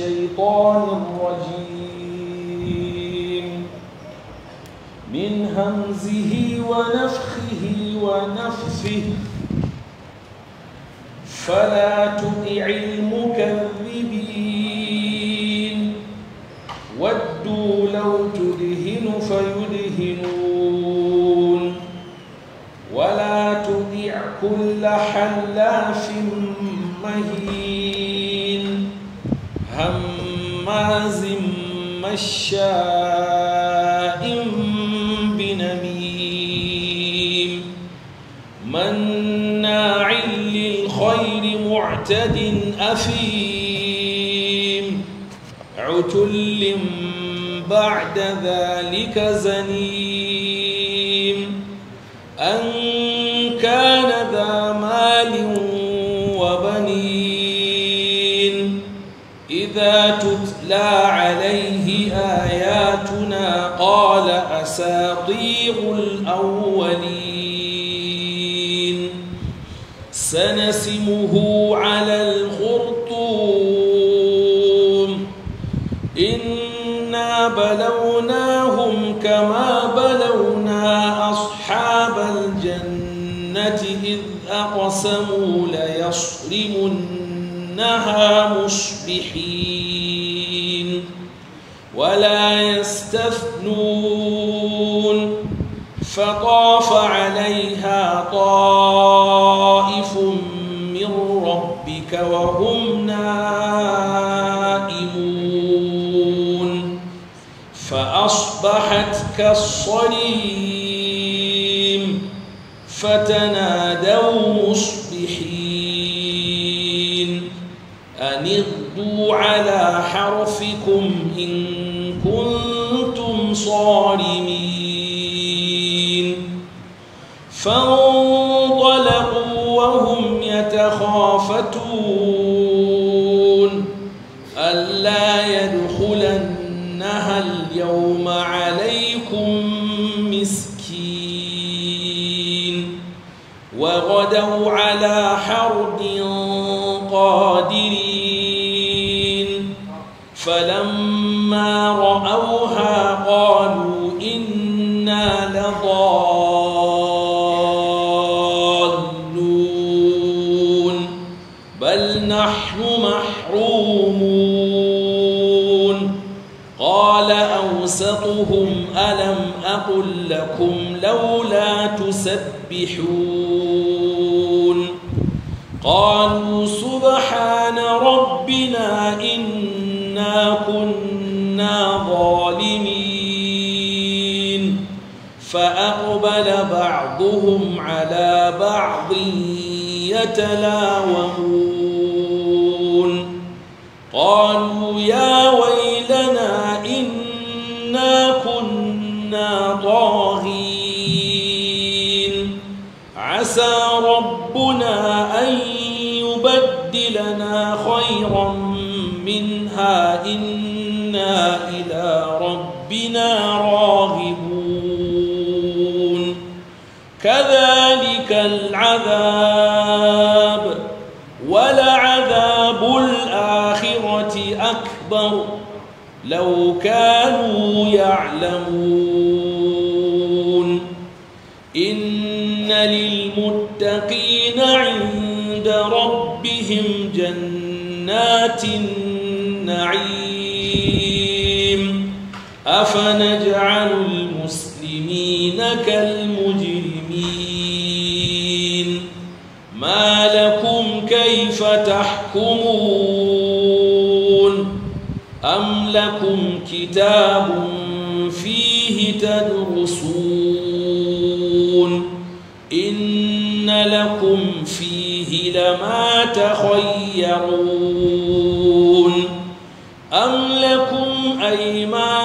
الشيطان الرجيم من همزه ونفخه ونفثه فلا تطع المكذبين ودوا لو تدهن فيدهنون ولا تطع كل حلاف مهين معاذ مشاء بنميم مناع للخير معتد أثيم عتل بعد ذلك زنيم آياتنا قال أساطير الأولين سنسمه على الخرطوم إنا بلوناهم كما بلونا أصحاب الجنة إذ أقسموا ليصرمنها مصبحين ولا يستثنون فطاف عليها طائف من ربك وهم نائمون فأصبحت كالصليم فتنادوا مصبحين أن اغدوا على حرفكم إن وهم صارمين فانطلقوا وهم يتخافتون لكم لولا تسبحون قالوا سبحان ربنا إنا كنا ظالمين فأقبل بعضهم على بعض يتلاومون كتاب فيه تدرسون إن لكم فيه لما تخيرون أم لكم أيمان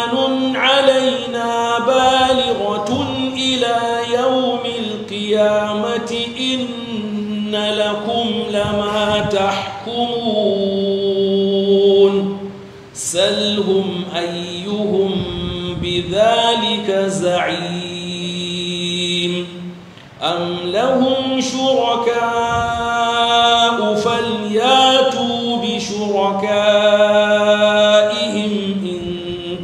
ذلك زعيم أم لهم شركاء فلياتوا بشركائهم إن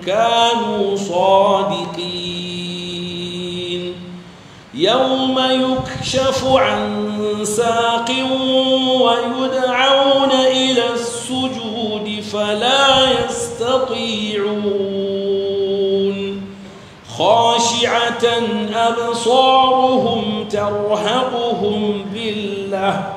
كانوا صادقين يوم يكشف عن ساق ويدعون إلى السجود فلا يستطيعون خاشعة أبصارهم ترهقهم ذلة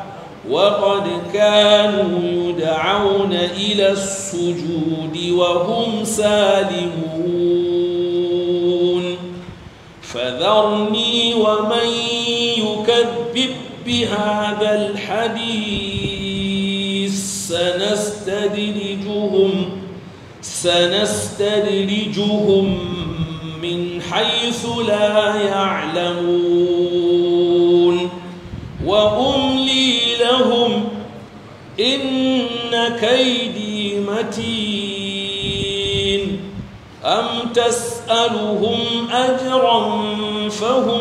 وقد كانوا يدعون إلى السجود وهم سالمون فذرني ومن يكذب بهذا الحديث سنستدرجهم سنستدرجهم من حيث لا يعلمون وأملي لهم إن كيدي متين أم تسألهم أجرا فهم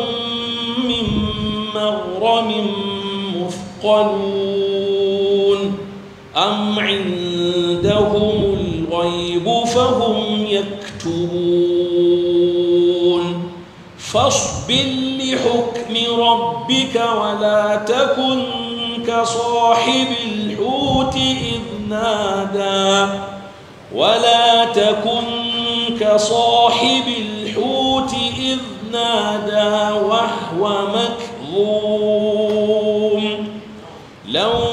من مغرم مثقلون أم عندهم الغيب فهم يكتبون فاصبر لحكم ربك ولا تكن كصاحب الحوت إذ نادى ولا تكن كصاحب الحوت إذ نادى وهو مكظوم لو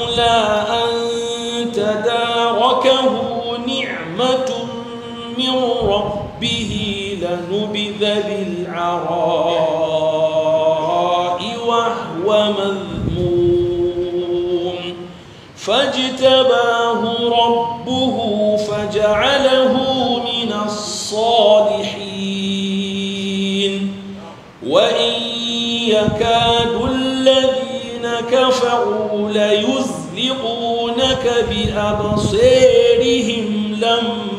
فاجتباه ربه فجعله من الصالحين وإن يكاد الذين كفروا ليزلقونك بأبصيرهم لما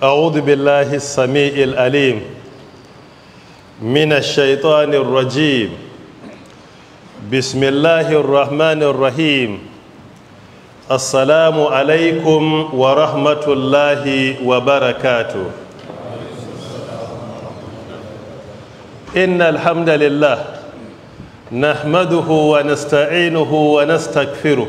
أعوذ بالله السميع العليم من الشيطان الرجيم بسم الله الرحمن الرحيم السلام عليكم ورحمة الله وبركاته إن الحمد لله نحمده ونستعينه ونستغفره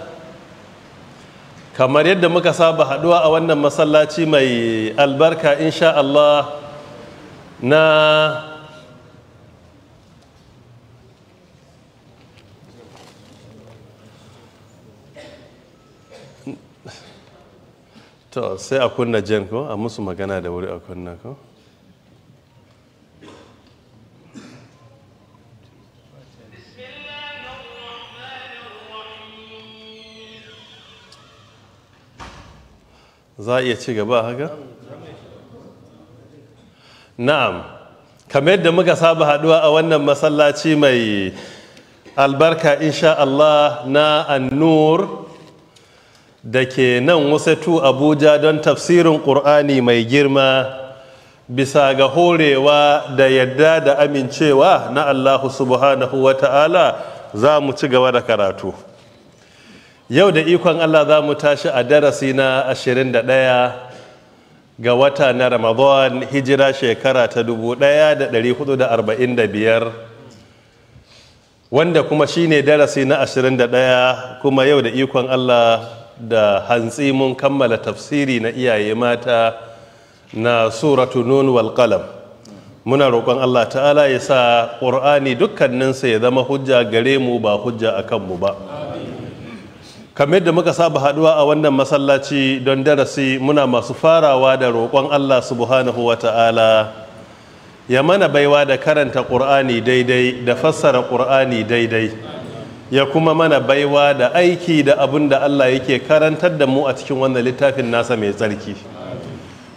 kamar yadda muka saba haduwa a wannan masallaci mai albarka insha Allah na to sai a kunna jen ko a musu magana da wuri a kunna ko za a iya ci gaba haka na'am kamar yadda muka saba haduwa a wannan masallaci mai albarka insha Allah na annur da ke nan wasatu abuja don tafsirin ƙur'ani mai girma bisa ga horewa da yadda da amincewa na allahu subhanahu wa ta'ala za mu ci gaba da karatu yau da ikon Allah za mu tashi a darasi na 21 ga wata na Ramadan hijira shekara ta 1445 wanda kuma shine darasi na 21 kuma yau da ikon Allah da hantsi mun kammala tafsiri na iyaye mata na suratu nun wal qalam muna roƙon Allah ta'ala ya sa ƙur'ani dukkaninsa ya zama hujja gare mu ba hujja a kanmu ba kamar da muka saba haɗuwa a wannan masallaci don darasi muna masu farawa da roƙon Allah subhanahu wa ta'ala ya mana baiwa da karanta ƙur'ani daidai da fassara ƙur'ani daidai ya kuma mana baiwa da aiki da abin da Allah yake karantar da mu a cikin wannan littafin nasa mai tsarki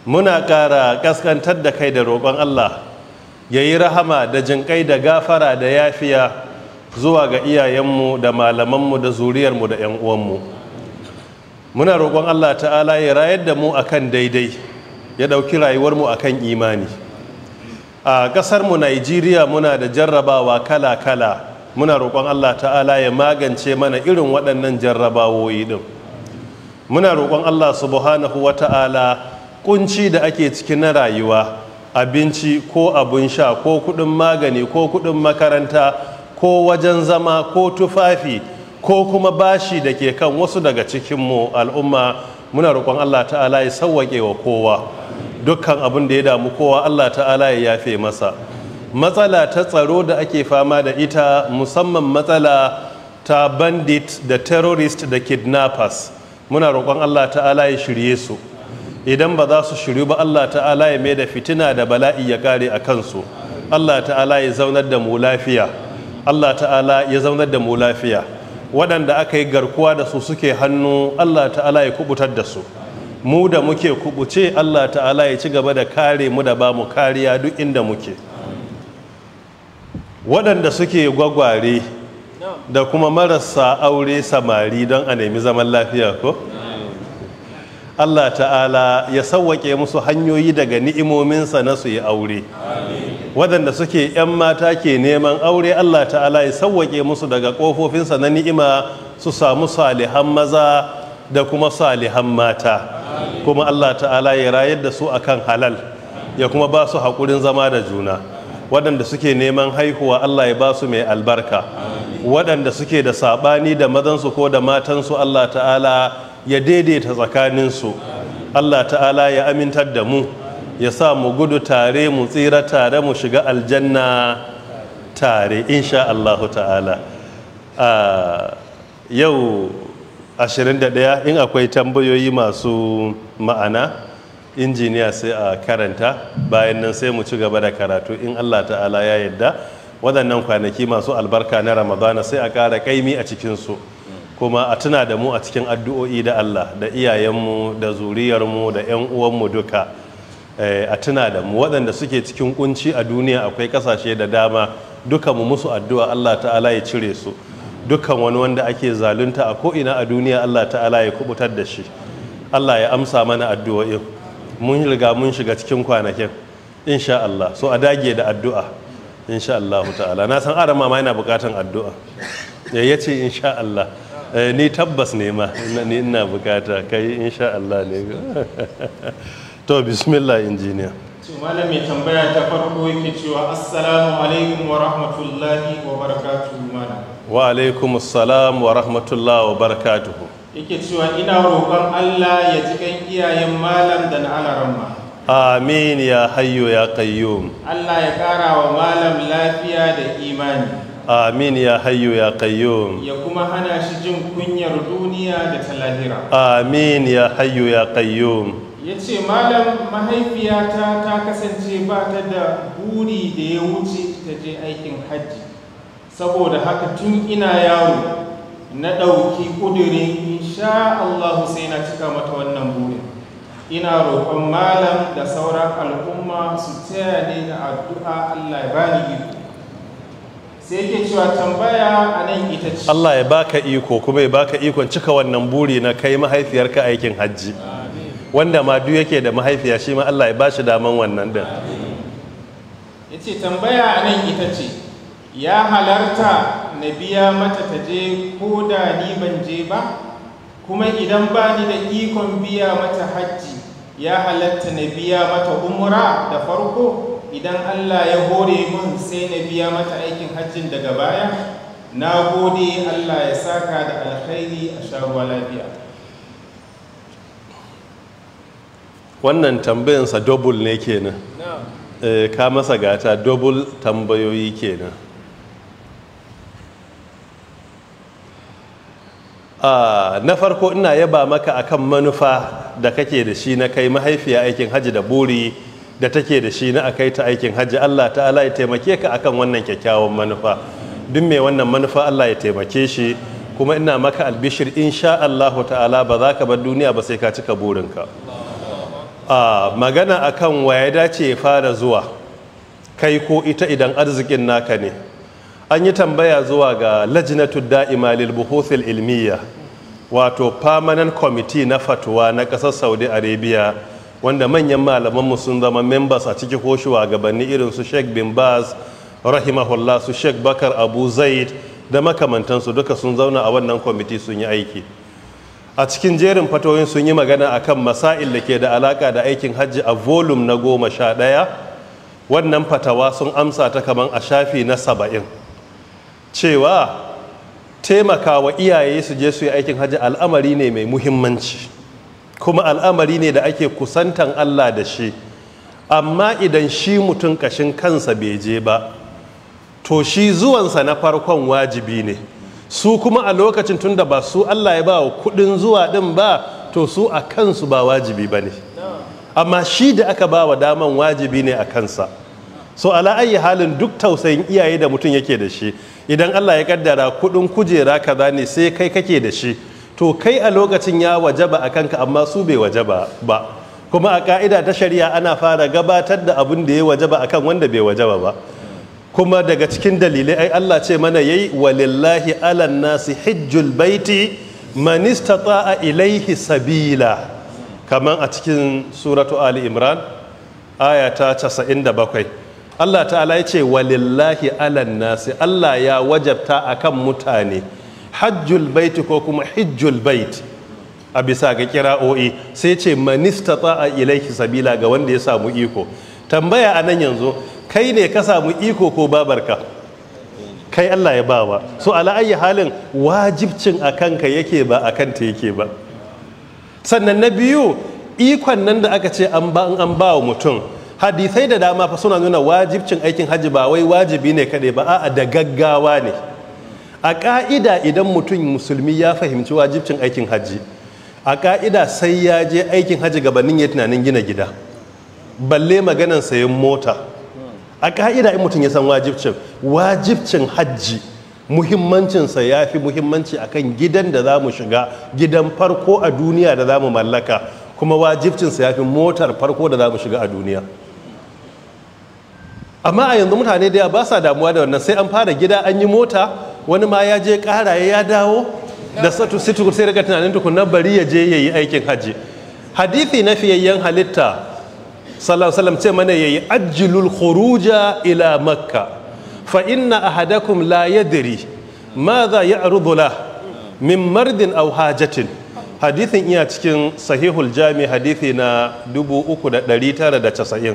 muna ƙara ƙaskantar da kai da roƙon Allah ya yi rahama da jinƙai da gafara da yafiya zuwa ga iyayenmu da malamanmu da zuriyarmu da 'yan uwanmu muna roƙon allah ta'ala ya rayar da mu akan daidai ya ɗauki rayuwarmu akan imani a ƙasarmu Najeriya muna da jarrabawa kala-kala muna roƙon allah ta'ala ya magance mana irin waɗannan jarrabawoyi ɗin muna roƙon allah Su subhanahu wa ta'ala ƙunci da ake cikin na rayuwa abinci ko abun sha ko kuɗin magani ko kuɗin makaranta ko wajen zama ko tufafi ko kuma bashi da ke kan wasu daga cikinmu al'umma muna roƙon Allah ta'ala ya sauwaƙe wa kowa dukkan abin da ya damu kowa Allah ta'ala ya yafe masa matsala ta tsaro da ake fama da ita musamman matsala ta bandit da terrorist da kidnappers muna roƙon Allah ta'ala ya shirye su idan ba za su shiryu ba Allah ta'ala ya mai da fitina da bala'i ya kare a kansu Allah ta'ala ya zaunar da mu lafiya Allah ta'ala ya zaunar da mu lafiya waɗanda aka yi garkuwa da su suke hannu Allah ta'ala ya kubutar da su mu da muke kubuce Allah ta'ala ya ci gaba da kare mu da ba mu kariya duk inda muke waɗanda suke gwagware da kuma marasa aure samari don a nemi zaman lafiya ko Allah ta'ala ya sauwaƙe musu hanyoyi daga ni'imominsa na su yi aure waɗanda suke 'yan mata ke neman aure allah ta'ala ya sauwaƙe musu daga ƙofofinsa na ni'ima su samu salihan maza da kuma salihan mata kuma allah ta'ala ya rayar da su akan halal ya kuma ba su haƙurin zama da juna waɗanda suke neman haihuwa allah ya ba su mai albarka waɗanda suke da saɓani da mazansu ko da matansu allah ta'ala ya daidaita tsakaninsu allah ta'ala ya amintar da mu ya sa mu gudu tare mu tsira tare mu shiga aljanna tare insha Allahu ta'ala yau 21 in akwai tambayoyi masu ma'ana injiniya sai a karanta bayan nan sai mu ci gaba da karatu in Allah ta'ala ya yadda waɗannan kwanaki masu albarka na ramadana sai a ƙara kaimi a cikinsu kuma a tuna da mu a cikin addu'o'i da Allah da iyayenmu da zuriyarmu da 'yan uwanmu duka Eh, a tuna da mu waɗanda suke cikin kunci a duniya akwai ƙasashe da dama duka mu musu addu'a Allah ta'ala ya cire su dukkan wani wanda ake zalunta a ko'ina a duniya Allah ta'ala ya kubutar da shi Allah ya amsa mana addu'o'in mun riga mun shiga cikin kwanakin insha Allah so a dage da addu'a insha Allah ta'ala na san arama ma yana bukatan addu'a eh, ya ce insha Allah eh, ni tabbas ne ma ni ina bukata kai insha Allah ne to bismillah injiniya malam mai tambaya ta farko yake cewa assalamu alaikum wa rahmatullahi wa barakatuhu malam wa alaikum assalam wa rahmatullahi wa barakatuhu yake cewa ina roƙon Allah ya ji kan iyayen malam da na ramma. amin ya hayyo ya qayyum Allah ya ƙara wa malam lafiya da imani amin ya hayyo ya qayyum ya kuma hana shi jin kunyar duniya da ta lahira amin ya hayyo ya qayyum ya ce malam mahaifiyata ta kasance ba ta da buri da ya wuce ta je aikin hajji saboda haka tun ina yaro na ɗauki ƙudurin insha Allah sai na cika mata wannan buri ina roƙon malam da sauran al'umma su taya ne da addu'a Allah ya bani iko sai yake cewa tambaya a nan ita ce Allah ya baka iko kuma ya baka ikon cika wannan buri na kai mahaifiyarka aikin hajji wanda ma duk yake da mahaifiya shi ma Allah ya bashi daman wannan din yace tambaya a nan ita ce ya halarta na biya mata ta je ko da ni ban je ba kuma idan ba ni da ikon biya mata hajji ya halarta na biya mata umura da farko idan Allah ya hore mun sai na biya mata aikin hajjin daga baya na gode Allah ya saka da alkhairi a sharuwa lafiya wannan tambayinsa double ne kenan eh, ka masa gata double tambayoyi kenan ah, na farko ina yaba maka akan manufa da kake da shi na kai mahaifiya aikin hajji da buri da take da shi na akai ta aikin hajji Allah ta'ala ya taimake ka akan wannan kyakkyawan manufa duk mai wannan manufa Allah ya taimake shi kuma ina maka albishir insha Allah ta'ala ba za ka bar duniya ba sai ka cika burinka a magana akan waya dace ya fara zuwa kai ko ita idan arzikin naka ne an yi tambaya zuwa ga lajinatu da'ima lil buhuthil ilmiya wato permanent committee na fatuwa na ƙasar saudi arabia wanda manyan malamanmu sun zama members a ciki ko shugabanni irin su sheikh bin baz rahimahullah su sheikh bakar abu zaid da makamantansu duka sun zauna a wannan kwamiti sun yi aiki a cikin jerin fatoyin sun yi magana a kan masail da ke da alaka da aikin hajji a volum na goma sha ɗaya wannan fatawa sun amsa ta kaman a shafi na saba'in cewa taimakawa iyaye su je su yi aikin hajji al'amari ne mai muhimmanci kuma al'amari ne da ake kusantan allah da shi amma idan shi mutum kashin kansa bai je ba to shi zuwansa na farkon wajibi ne su kuma a lokacin tunda ba su Allah ya ba wa kudin zuwa din ba to su a kansu ba wajibi ba ne amma shi da aka ba wa daman wajibi ne a kansa so ala ayi halin duk tausayin iyaye da mutum yake da shi idan Allah ya kaddara kudin kujera kaza ne sai kai kake da shi to kai a lokacin ya wajaba a kanka amma su bai wajaba ba kuma a ka'ida ta shari'a ana fara gabatar da abin da ya wajaba akan wanda bai wajaba ba kuma daga cikin dalilai ai Allah ce mana yayi walillahi ala nasi hijjul baiti man istata'a ilaihi sabila kaman a cikin suratu ali imran aya ta 97 Allah ta'ala yace ce walillahi ala nasi Allah ya wajabta akan mutane hajjul baiti ko kuma hijjul baiti a bisa ga kira'o'i sai ce manista ta'a ilaiki sabila ga wanda ya samu iko tambaya a nan yanzu kai ne ka samu iko ko babarka kai Allah ya bawa so ala ayi halin wajibcin a kanka yake ba a kanta yake ba sannan na biyu ikon nan da aka ce an ba an wa mutum hadisai da dama fa suna nuna wajibcin aikin hajji ba wai wajibi ne kaɗai ba a'a da gaggawa ne a ƙa'ida idan mutum musulmi ya fahimci wajibcin aikin hajji a ka'ida sai ya je aikin hajji gabanin ya tunanin gina gida balle maganan sayan mota a ka'ida in mutum ya san wajibcin wajibcin hajji muhimmancinsa ya fi muhimmanci a kan gidan da za mu shiga gidan farko a duniya da za mu mallaka kuma wajibcinsa ya fi motar farko da za mu shiga a duniya amma a yanzu mutane da ba sa damuwa da wannan sai an fara gida an yi mota wani ma ya je karaye ya dawo da satu sai daga tunanin tukunan bari ya je ya yi aikin hajji hadithi na fiyayyen halitta sallallahu alaihi wasallam ce mana yayi ajilul khuruja ila makka fa inna ahadakum la yadri madha ya'rudu la min mardin aw hajatin hadithin iya cikin sahihul jami hadithi na 3990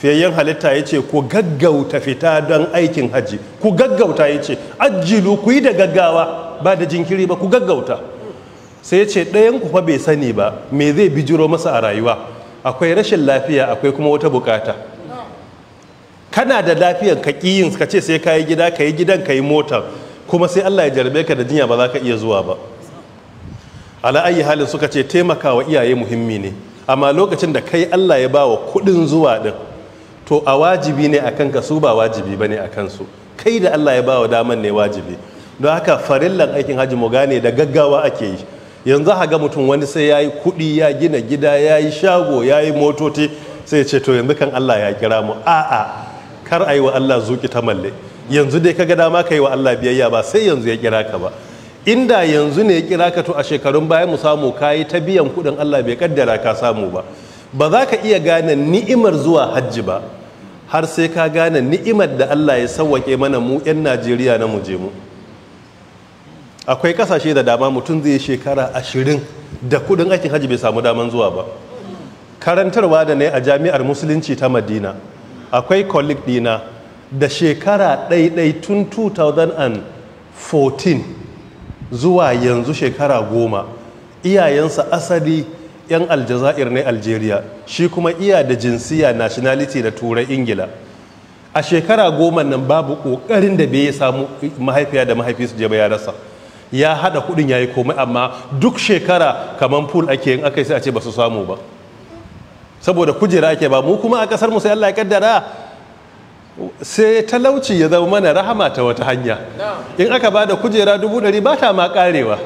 fiyayyen halitta yace ku gaggauta fita don aikin hajji ku gaggauta yace ce ajilu ku yi da gaggawa ba da jinkiri ba ku gaggauta sai ya ce ɗayan ku fa bai sani ba me zai bijiro masa a rayuwa akwai rashin lafiya akwai kuma wata bukata kana da lafiyan ka yin ka ce sai kayi gida ka yi gidan ka yi motar kuma sai Allah ya jarbe ka da jinya ba za ka iya zuwa ba ala ayi halin suka ce taimakawa iyaye muhimmi ne amma lokacin da kai Allah ya bawa kudin zuwa din to a wajibi ne a kanka su ba wajibi ba ne a kansu kai da Allah ya bawa daman ne wajibi don haka farillan aikin Haji mu gane da gaggawa ake yi yanzu haga mutum wani sai ya yi kuɗi ya gina gida ya yi shago ya yi motoci sai ce to yanzu kan Allah ya kira mu a'a kar a yi wa Allah zuki ta malle yanzu dai kaga dama ka yi wa Allah biyayya ba sai yanzu ya kira ka ba inda yanzu ne ya kira ka to a shekarun baya mu samu kayi ta biyan kuɗin Allah bai kaddara ka samu ba ba za ka iya gane ni'imar zuwa hajji ba har sai ka gane ni'imar da Allah ya sawwake mana mu 'yan Najeriya na mu je mu akwai kasashe da dama mutum zai shekara ashirin da kudin aikin hajji bai samu daman zuwa ba karantarwa da na a jami'ar musulunci ta madina akwai colleague dina da shekara ɗaiɗai tun 2014 zuwa yanzu shekara goma iyayensa asali 'yan aljazair ne algeria shi kuma iya da jinsiya nationality da turai ingila a shekara goma nan babu ƙoƙarin da bai samu mahaifiya da mahaifi su je ba ya rasa ya hada kudin yi komai amma duk shekara kaman pool ake yin akai sai a ce ba su samu ba saboda kujera ake ba mu kuma a kasar mu sai Allah ya kaddara sai talauci ya zama mana rahama ta wata hanya in aka ba da kujera dubu ɗari ba ta ma karewa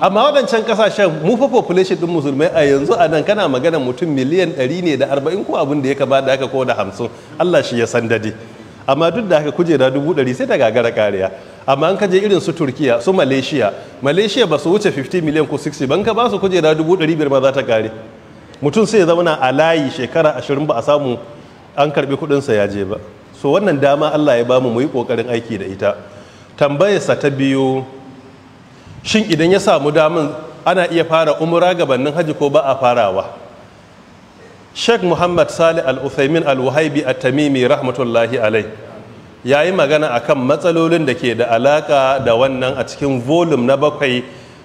amma wadancan kasashen mu fa population ɗin musulmai a yanzu a nan kana magana mutum miliyan ɗari ne da arba'in ko abin da ya kamata da haka ko da hamsin allah shi ya san dade amma duk da haka kujera dubu ɗari sai ta gagara kariya amma an kaje irin su turkiya su malaysia malaysia ba su wuce 50 miliyan ko 60 n ka ba su kujera 500 ma za ta kare mutum sai ya zauna a layi shekara 20 ba a samu an karbi kudinsa ya je ba so wannan dama allah ya bamu mu yi kokarin aiki da ita tambayar sa ta biyu shin idan ya samu damin ana iya fara umura gabanin haji ko ba a farawa sheikh muhammad salih al-uthaymin al-wahabi at-tamimi rahmatullahi alai ya yi magana akan matsalolin da ke da alaƙa da wannan a cikin volum na bakwai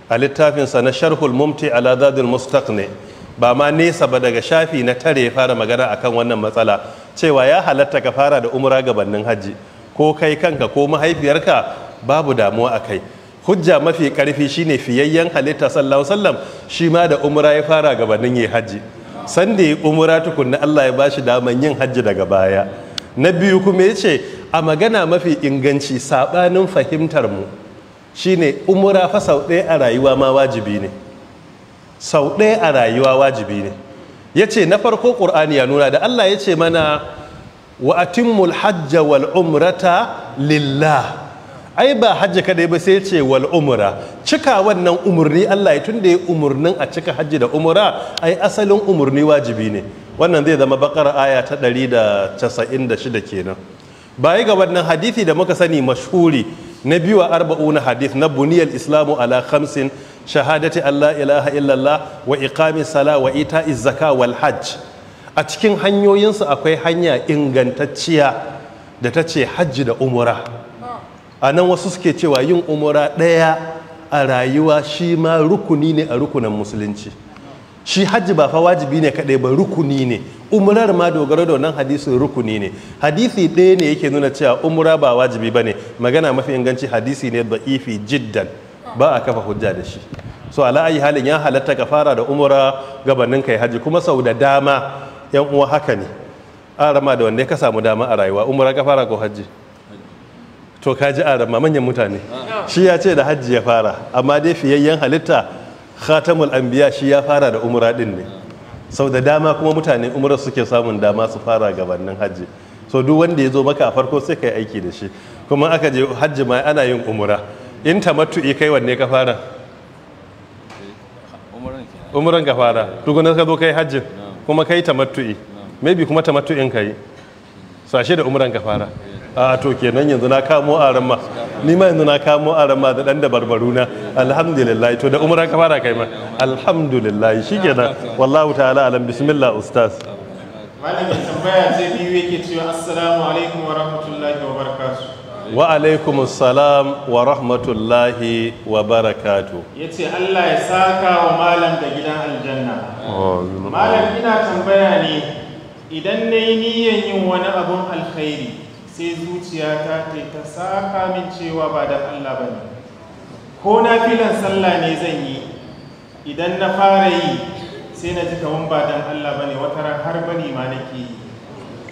a littafinsa na sharhul mumti ala mustaq ne. ba ma nesa ba daga shafi na tare ya fara magana akan wannan matsala cewa ya halatta ka fara da umra gabanin hajji ko kai kanka ko mahaifiyarka babu damuwa a kai hujja mafi karfi shine fiyayyen halitta sallallahu sallam shi ma da umra ya fara gabanin yi hajji sanda ya umra tukunna Allah ya ba shi daman yin hajji daga baya na biyu kuma ya ce a magana mafi inganci saɓanin fahimtar mu shine umura fa sau ɗaya a rayuwa ma wajibi ne sau ɗaya a rayuwa wajibi ne ya ce na farko ƙur'ani ya nuna da allah ya ce mana wa atimmul hajja wal umrata lillah ai ba hajji kadai ba sai ce wal umra cika wannan umurni Allah ya da ya umurnin a cika hajji da umra ai asalin umurni wajibi ne wannan zai zama bakar aya ta 196 kenan baya ga wannan hadisi da muka sani mashhuri na biyu a arba'una hadith na buniyar islamu ala khamsin shahadati allah ilaha illallah wa iqami sala wa ita zaka wal hajj a cikin hanyoyinsu akwai hanya ingantacciya da ta ce hajji da umura a nan wasu suke cewa yin umura ɗaya a rayuwa shi ma rukuni ne a rukunan musulunci shi hajji ba fa wajibi ne kaɗai ba rukuni ne umrar ma dogara da wannan hadisin rukuni ne hadisi ɗaya ne yake nuna cewa umra ba wajibi ba ne magana mafi inganci hadisi ne da ifi jiddan ba a kafa hujja da shi so ala ayi halin ya halatta ka fara da umra gabanin kai haji kuma sau da dama yan uwa haka ne arama rama da wanda ka samu dama a rayuwa umra ka fara ko haji to ka ji an rama manyan mutane ah. shi ya ce da hajji ya fara amma dai fiyayyen halitta khatamul anbiya shi ya fara da umra din ne sau da dama kuma mutane umra suke samun dama su fara gabanin hajji so duk wanda ya zo maka a farko sai kai aiki da shi kuma aka je hajji ma ana yin umra in tamattu'i kai wanne ka fara umran ka fara Duk wanda ka zo kai hajji kuma kai tamattu'i maybe kuma in kai so da umran ka fara eh. a to kenan yanzu na kamo a ramma ni ma yanzu na kamo a ramma da dan da barbaruna alhamdulillah to da umra ka fara kai ma alhamdulillah shikenan wallahu ta'ala alam bismillah ustaz malamin tambaya ta biyu yake cewa assalamu alaikum wa rahmatullahi wa barakatuh wa alaikum salam wa rahmatullahi wa barakatu ya ce allah ya saka wa malam da gidan aljanna malam ina tambaya ne idan na yi niyan yin wani abun alkhairi sai zuciyata ta ta saka min cewa ba da Allah ba ne ko na filan sallah ne zan yi idan na fara yi sai na ji kaman ba dan Allah ba ne wata har bari ma nake yi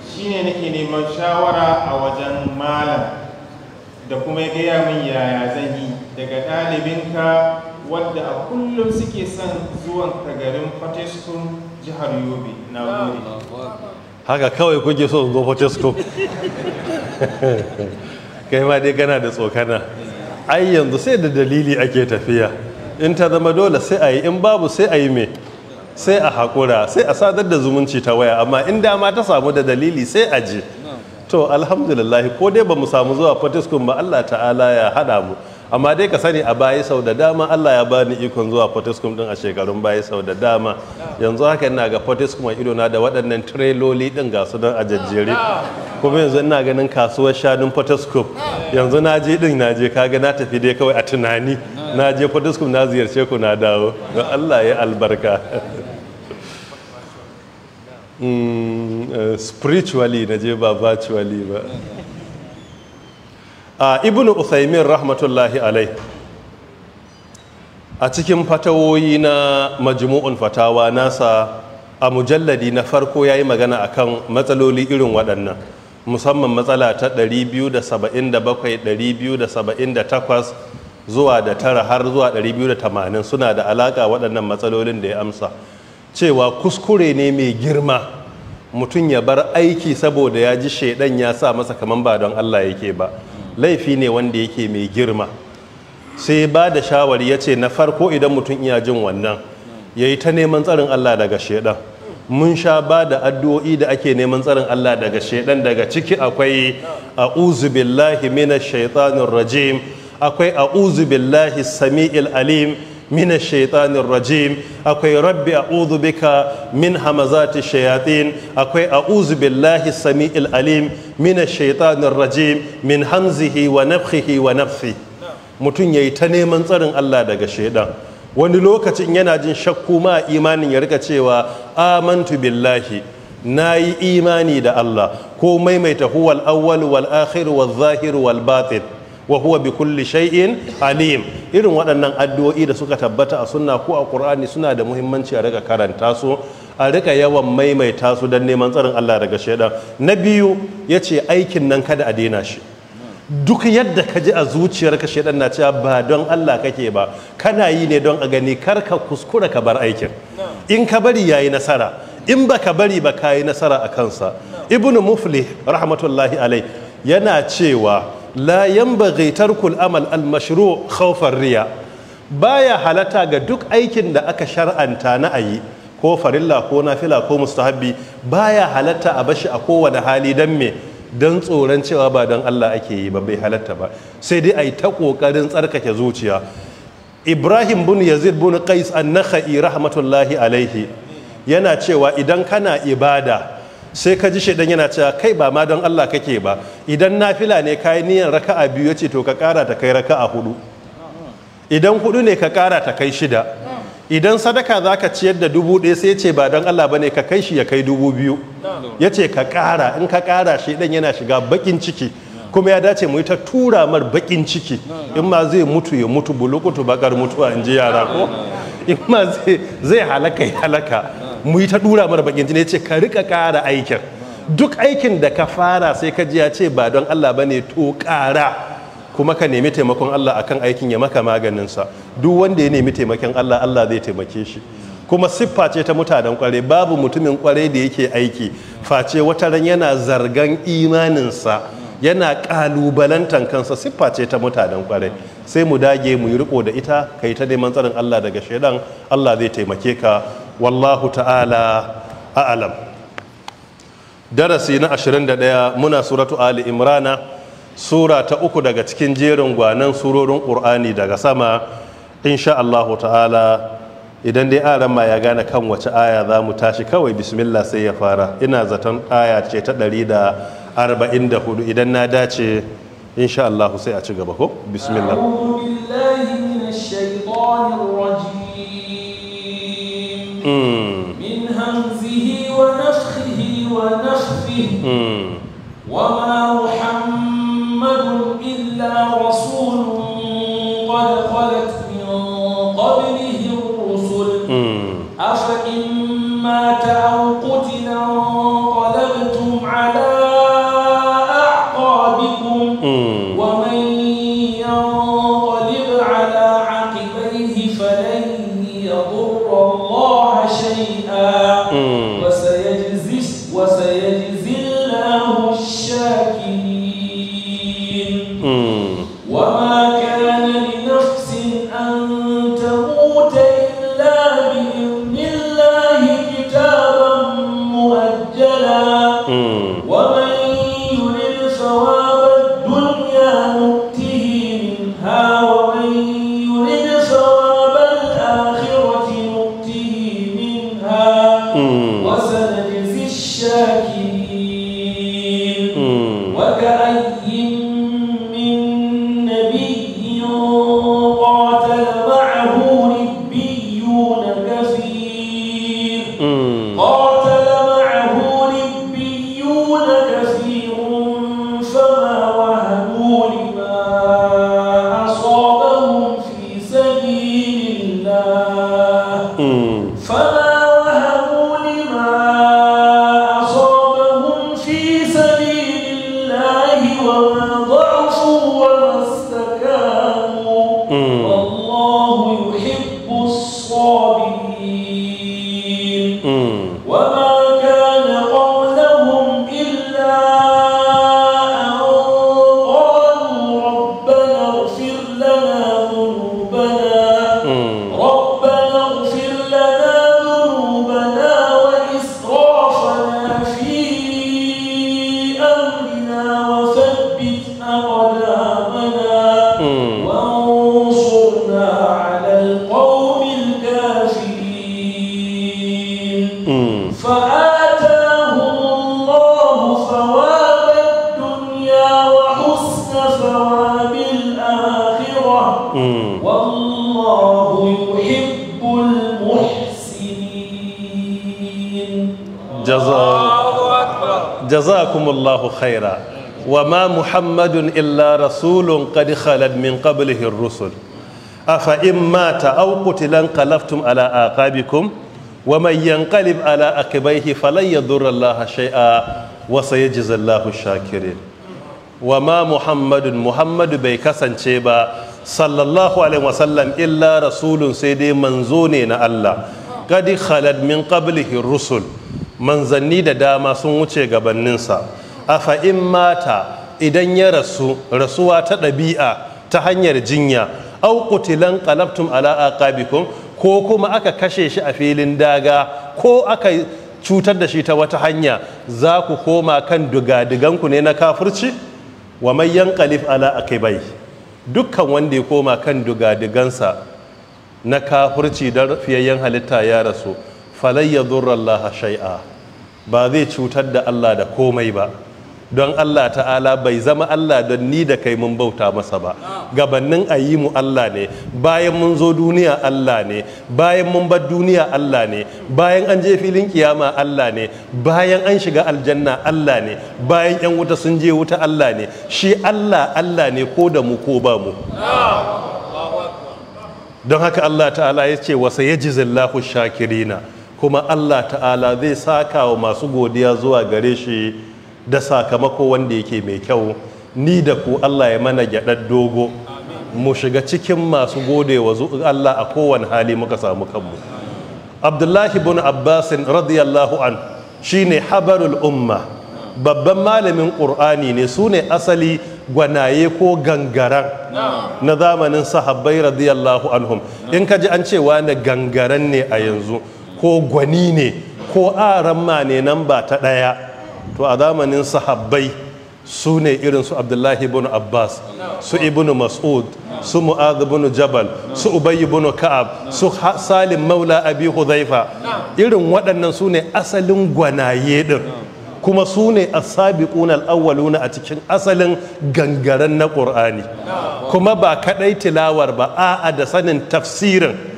Shi shine nake neman shawara a wajen malam da kuma gaya min yaya zan yi daga ɗalibinka wadda a kullum suke son zuwan ka garin fatishkun jihar yobe na wuri haka kawai kuke so zo fotesko kai ma dai kana da tsokana ai yanzu sai da dalili ake tafiya in ta zama dole sai a yi in babu sai a yi me sai a haƙura sai a sadar da zumunci ta waya amma in dama ta samu da dalili sai a je to alhamdulillah ko dai ba mu samu zuwa fotesko ba allah ta'ala ya haɗa mu amma dai ka sani a baya sau da dama Allah ya bani ikon zuwa potiskum din a shekarun baya sau da dama yanzu haka ina ga potiskum a ido na da waɗannan treloli din ga su don a jajjere kuma yanzu ina ganin kasuwar shanun potiskum yanzu na je din na je kaga na tafi dai kawai a tunani na je potiskum na ziyarce ku na dawo don Allah ya albarka hmm, eh, spiritually na je ba virtually ba Uh, ibnu usaimin rahmatullahi alai a cikin fatawoyi na majmu'un fatawa nasa a mujalladi na farko ya yi magana a kan matsaloli irin waɗannan musamman matsala ta 277-278 zuwa da tara har zuwa 280 suna da alaƙa waɗannan matsalolin da ya amsa cewa kuskure ne mai girma mutum ya bar aiki saboda ya ji shaidan ya sa masa kamar ba don allah yake ba laifi ne wanda yake mai girma sai ba da shawari ya ce na farko idan mutum iya jin wannan ya yi ta neman tsarin allah daga shaidan mun sha ba da addu'o'i da ake neman tsarin allah daga shaidan daga ciki akwai a uzubillahi mina shaitanin rajim akwai a uzubillahi sami'il alim mina shaitanin rajim akwai rabbi a'udhu bika min hamazati shayatin akwai a'udhu billahi sami'il alim mina shaitanin rajim min hamzihi wa nafhihi wa nafsi mutum yayi ta neman tsarin Allah daga shaidan wani lokacin yana jin shakku ma imanin ya rika cewa amantu billahi na yi imani da Allah ko maimaita huwal awwal wal akhir wal wal batin wa huwa bi kulli shay'in alim irin waɗannan addu'o'i da suka tabbata a sunna ko a qur'ani suna da muhimmanci a rika karanta su a rika yawan maimaita su dan neman tsarin Allah daga shaidan na biyu yace aikin nan kada a daina shi duk yadda ka ji a zuciyarka shaidan na cewa ba don Allah kake ba kana yi ne don a gani karka kuskura ka bar aikin in ka bari yayi nasara in baka bari ba kayi nasara a kansa ibnu muflih rahmatullahi alai yana cewa Layan yanbaghi tarkul amal al mashru' riya baya halata ga duk aikin da aka shar'anta na ayi ko farilla ko nafila ko mustahabbi baya halatta a bashi a kowane hali dan me don tsoron cewa ba don Allah ake yi ba bai halatta ba sai dai a yi ta ƙoƙarin tsarkake zuciya ibrahim bin yazid bin qais an-nakhai rahmatullahi alaihi yana cewa idan kana ibada sai ka ji shaidan yana cewa kai ba ma don Allah kake ba idan na fila ne ka yi niyan raka'a biyu ya ce to ka kara ta kai raka'a hudu idan hudu ne ka kara ta kai shida idan sadaka za ka ciyar da dubu ɗaya sai ce ba don Allah ba ne ka kai shi ya kai dubu biyu ya ce ka kara in ka kara shaidan yana shiga bakin ciki kuma ya dace mu yi ta tura mar bakin ciki in ma zai mutu ya mutu bulukutu bakar mutuwa in ji yara ko in ma zai halaka ya halaka mu yi ta dura mana bakin jini ce ka rika kara aikin duk aikin da ka fara sai ka ji ya ce ba don Allah bane to ƙara kuma ka nemi taimakon Allah akan aikin ya maka maganin sa duk wanda ya nemi taimakon Allah Allah zai taimake shi kuma siffa ce ta mutanen kware babu mutumin kware da yake aiki face wata ran yana zargan imaninsa yana kalubalantan kansa siffa ce ta mutanen kware. sai mu dage mu yi riko da ita ka yi ta neman tsarin Allah daga shaidan Allah zai taimake ka wallahu ta'ala a'lam darasi na 21 muna suratu ali imrana sura ta uku daga cikin jerin gwanan surorin qur'ani daga sama insha Allah ta'ala idan dai aran ma ya gane kan wace aya za mu tashi kawai bismillah sai ya fara ina zaton aya ce ta 144 idan na dace insha Allah sai a ci gaba ko bismillah من همزه ونفخه ونفخه وما محمد إلا رسول قد خلت من قبله الرسل أفإن مات أو قتل khaira wama ma muhammadun illa rasulun qad khalat min qablihi rusul afa in mata aw qutilan qalaftum ala aqabikum wa mai yanqalib ala aqibaihi falan yadurra Allah shay'a wa sayajzi Allahu shakirin wa ma muhammadu bai kasance ba sallallahu alaihi wasallam illa rasulun sai dai manzo ne na Allah qad khalad min qablihi rusul manzanni da dama sun wuce gabaninsa afa in mata idan ya rasu rasuwa ta ɗabi'a ta hanyar jinya au kutilan qalabtum ala aqabikum ko kuma aka kashe shi a filin daga ko aka cutar da shi ta wata hanya za ku koma kan dugadiganku ne na kafurci? wa mai yanqalif ala aqibai dukkan wanda ya koma kan dugadigansa na kafurci don fiyayyen halitta ya rasu falayya durrallaha shai'a ba zai cutar da Allah da komai ba don Allah ta'ala bai zama Allah don ni da kai mun bauta masa ba gabannin a yi mu Allah ne bayan mun zo duniya Allah ne bayan mun bar duniya Allah ne bayan an je filin kiyama Allah ne bayan an shiga aljanna Allah ne bayan yan wuta sun je wuta Allah ne shi Allah Allah ne ko da mu ko ba mu don haka Allah ta'ala ya ce wasa ya shakirina kuma Allah ta'ala zai saka wa masu godiya zuwa gare shi da sakamako wanda yake mai kyau ni da ku Allah ya mana gyaɗar dogo mu shiga cikin masu gode wa Allah a kowane hali muka samu kanmu abdullahi bin abbasin radiyallahu an ne habarul umma babban malamin ƙur'ani ne su ne asali gwanaye ko gangaran na zamanin sahabbai radiyallahu anhum in ka ji an cewa na gangaran ne a yanzu ko gwani ne ko ma ne nan ba ta ɗaya to a zamanin sahabbai su ne irin su abdullahi ibn abbas su ibn mas'ud su mu'ad ibn jabal su ubayy ibn ka'ab su salim maula abi hudhaifa irin waɗannan su ne asalin gwanaye ɗin kuma su ne asabiqun al-awwaluna a cikin asalin gangaren na qur'ani kuma ba kaɗai tilawar ba a'a da sanin tafsirin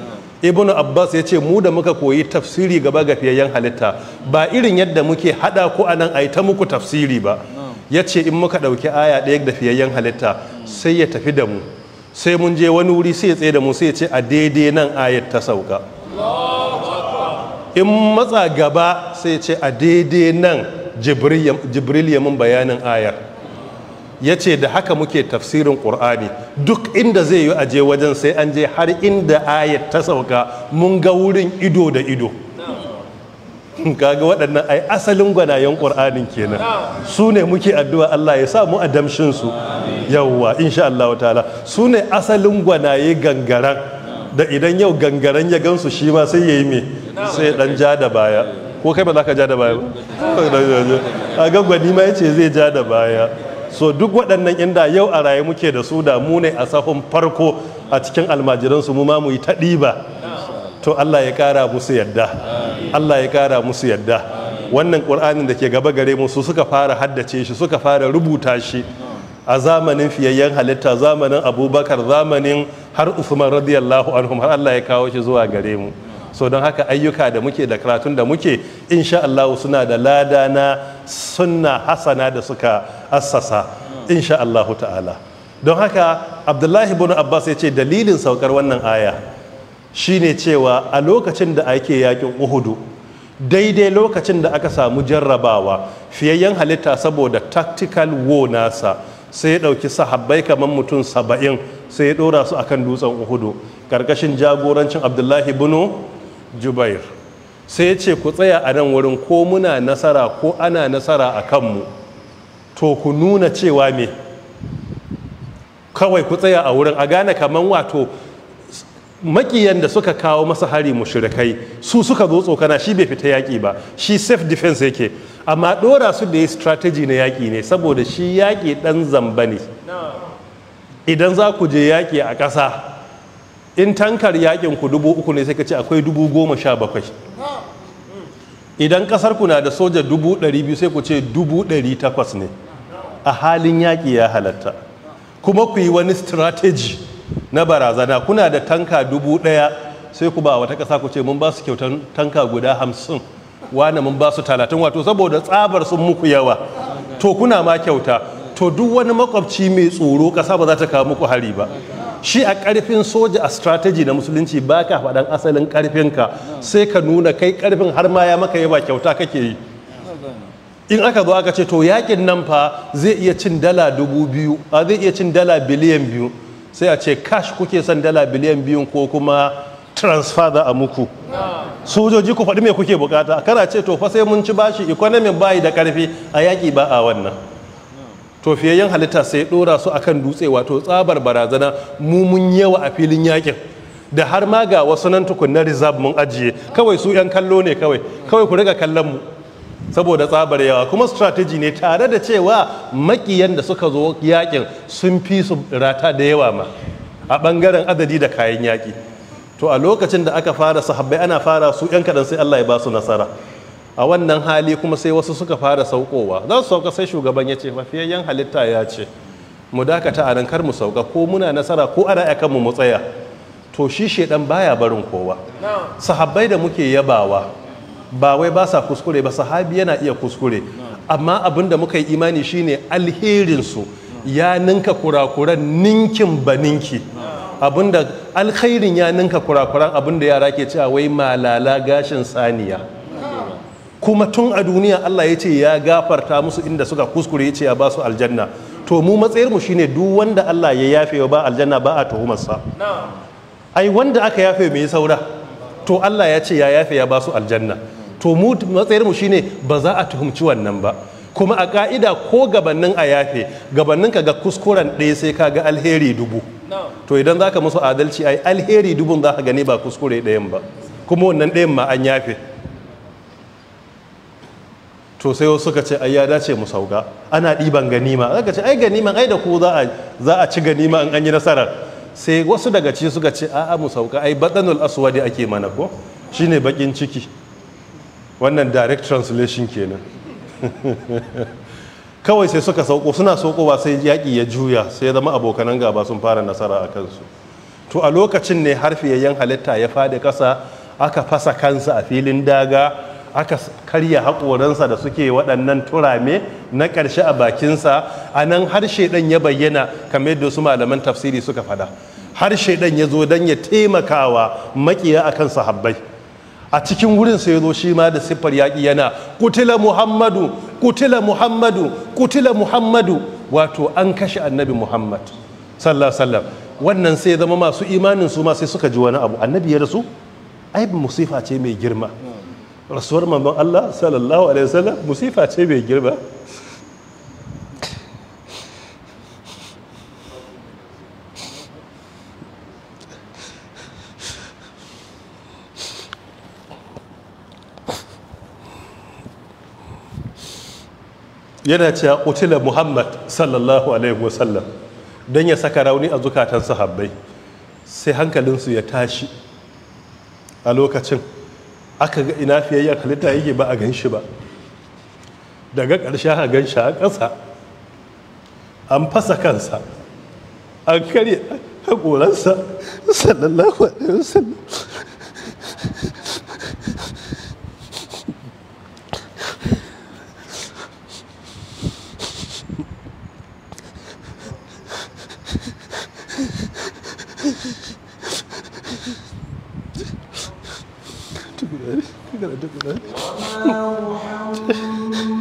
ibn abbas ya ce mu da muka koyi tafsiri gaba ga fiyayyen halitta ba irin yadda muke hada ko anan a yi ta muku tafsiri ba ya ce in muka ɗauki aya ɗaya da fiyayyen halitta sai ya tafi da mu sai mun je wani wuri sai ya tsaye da mu sai ya ce a daidai nan ayat ta sauka in matsa gaba sai ya ce a daidai nan jibril ya mun bayanin ayar ya ce da haka muke tafsirin ƙur'ani duk inda zai yi aje wajen sai an je har inda ayat ta sauka mun ga wurin ido da ido kaga waɗannan ai asalin gwanayen ƙur'anin kenan su ne muke addu'a Allah ya sa mu a damshinsu yawwa insha Allah ta'ala su ne asalin gwanaye gangaran da idan yau gangaran ya gansu shi ma sai ya yi me sai dan ja da baya ko kai ba za ka ja da baya ba a ga gwani ma ya ce zai ja da baya so duk waɗannan inda yau a raye muke da su da mu ne a sahun farko a cikin almajiransu mu ma mu yi taɗi ba to Allah ya ƙara musu yadda Allah ya ƙara musu yadda wannan ƙur'anin da ke gaba gare mu su suka fara haddace shi suka fara rubuta shi a zamanin fiyayyen halitta zamanin abubakar zamanin har usman radiyallahu anhum har Allah ya kawo shi zuwa gare mu so don haka ayyuka da muke da karatun da muke insha Allah suna da lada na sunna hasana da suka assasa insha Allah ta'ala don haka Abdullahi ibn Abbas ya ce dalilin saukar wannan aya shine cewa a lokacin da ake yakin Uhudu daidai lokacin da aka samu jarrabawa fiyayyen halitta saboda tactical war nasa sai ya ɗauki sahabbai kamar mutum saba'in sai ya dora su akan dutsen uhudu ƙarƙashin jagorancin abdullahi bunu jubair sai ya ce ku tsaya a nan wurin ko muna nasara ko ana nasara a kanmu to ku nuna cewa me kawai ku tsaya a wurin a gane kaman wato makiyan da suka kawo masa hari mushrikai su suka zo tsokana shi bai fita yaƙi ba shi safe defense yake amma ɗora su da yi strategy na yaƙi ne saboda shi yaƙi ɗan zamba ne idan za ku je yaƙi a ƙasa in tankar yakin ku dubu uku ne sai ka ce akwai dubu goma sha bakwai idan kasar ku na da soja dubu ɗari biyu sai ku ce dubu ɗari takwas ne a halin yaƙi ya halatta kuma ku yi wani strategy na barazana kuna da tanka dubu ɗaya sai ku ba wata kasa ku ce mun ba su kyautar tanka guda hamsin wane mun ba su talatin wato saboda tsabar sun muku yawa to kuna ma kyauta to duk wani makwabci mai tsoro ƙasa ba za ta kawo muku hari ba shi a karfin soja a strategy na musulunci ba ka faɗan asalin karfinka sai ka nuna kai karfin har ma ya maka yaba kyauta kake yi in aka zo aka ce to yakin nan fa zai iya cin dala dubu biyu a zai iya cin dala biliyan biyu sai a ce cash kuke son dala biliyan biyu ko kuma transfer za a muku sojoji ku faɗi me kuke bukata kana ce to fa sai mun ci bashi economy bayi da karfi a yaƙi ba a wannan to halitta sai dora su akan dutse wato tsabar barazana mu mun yawa a filin yakin da har ma ga wasu nan tukunna reserve mun ajiye kawai su yan kallo ne kawai kawai ku riga kallon mu saboda tsabar yawa kuma strategy ne tare da cewa makiyan da suka zo yakin sun fi su rata da yawa ma a bangaren adadi da kayan yaki to a lokacin da aka fara sahabbai ana fara su yan kadan sai Allah ya ba su nasara a wannan hali kuma sai wasu suka fara saukowa za su sauka sai shugaban ya ce mafiyayyen halitta ya ce mu dakata a nan kar mu sauka ko muna nasara ko ana akan mu tsaya to shi shedan baya barin kowa sahabbai da muke yabawa ba wai ba sa kuskure ba sahabi yana iya kuskure amma abin da muka yi imani shine alherinsu ya ninka kurakuran ninkin ba ninki da alkhairin ya ninka kurakuran abin da yara ke cewa wai malala gashin saniya kuma tun a duniya Allah ya ce ya gafarta musu inda suka kuskure ya ce ya ba su aljanna to mu matsayar mu shine duk wanda Allah ya yafe ba aljanna ba a tuhumarsa ai wanda aka yafe mai saura to Allah ya ce ya yafe ya ba su aljanna to mu matsayar mu shine ba za a tuhumci wannan ba kuma a ka'ida ko gabannin a yafe gabannin ka ga kuskuren ɗaya sai ka ga alheri dubu to idan za ka musu adalci ai alheri dubun za ka gani ba kuskure ɗayan ba kuma wannan ɗayan ma an yafe to sai wasu suka ce ya dace mu sauka ana ɗiban ganima aka ce ai ganima ai da ku za a ci ganima in an yi nasara sai wasu daga ci suka ce a'a mu sauka ai badanul aswadi ake mana ko shine bakin ciki wannan direct translation kenan kawai sai suka sauko suna saukowa sai yaƙi ya juya sai zama abokanan gaba sun fara nasara a kansu to a lokacin ne harfiyayyen halitta ya fadi ƙasa aka fasa kansa a filin daga aka karya haƙoransa da suke waɗannan turame na ƙarshe a bakinsa a nan harshe ɗan ya bayyana kamar yadda su malaman tafsiri suka faɗa harshe ɗan ya zo don ya taimakawa maƙiya akan sahabbai a cikin wurin sai zo shi ma da siffar yaƙi yana kutila muhammadu kutila muhammadu kutila muhammadu wato an kashe annabi muhammad sallallahu wannan sai zama masu imanin su ma sai suka ji wani abu annabi ya rasu ai musifa ce mai girma rasuwar manzon Allah sallallahu alaihi wasallam musifa ce bai girba yana cewa kutila muhammad sallallahu alaihi wasallam don ya saka rauni a zukatan sahabbai sai hankalinsu ya tashi a lokacin aka ga ina fiyayya halitta yake ba a gan shi ba daga karshe a gan shi a ƙasa an fasa kansa an karye haƙoransa sallallahu alaihi wasallam Look at this. Look at that. Look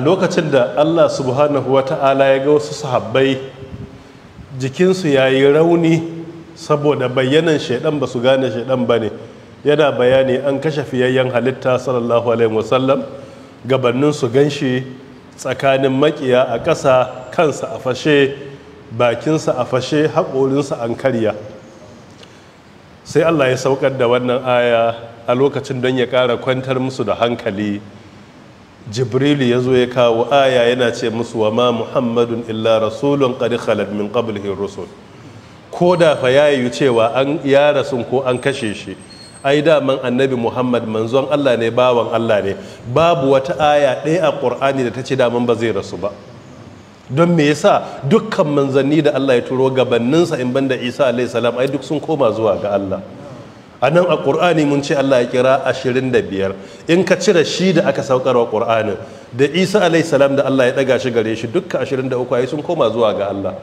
a lokacin da allah subhanahu wa ta'ala ya ga wasu sahabbai jikinsu ya yi rauni saboda bayyanan shaidan ba su gane shaidan ba ne yana bayani an kashe fiyayyen halitta sallallahu alaihi wasallam gabanin su ganshi tsakanin makiya a ƙasa kansa a fashe bakinsa a fashe haƙorinsa an karya sai allah ya saukar da wannan aya a lokacin don ya ƙara kwantar musu da hankali jibrilu ya zo ya kawo aya yana ce musu wa ma muhammadun illa rasulun qad khalad min qablihi rusul ko da fa ya yi cewa an ya rasun ko an kashe shi ai daman annabi muhammad manzon allah ne bawan allah ne babu wata aya ɗaya a ƙur'ani da ta ce daman ba zai rasu ba don me yasa dukkan manzanni da allah ya turo gabanninsa in banda isa alaihi salam ai duk sun koma zuwa ga allah a nan a ƙur'ani mun ce allah ya kira ashirin da biyar in ka cire shi da aka saukarwa ƙur'anin da isa alaihissalam da allah ya ɗaga shi gare shi dukka 23 ayi sun koma zuwa ga allah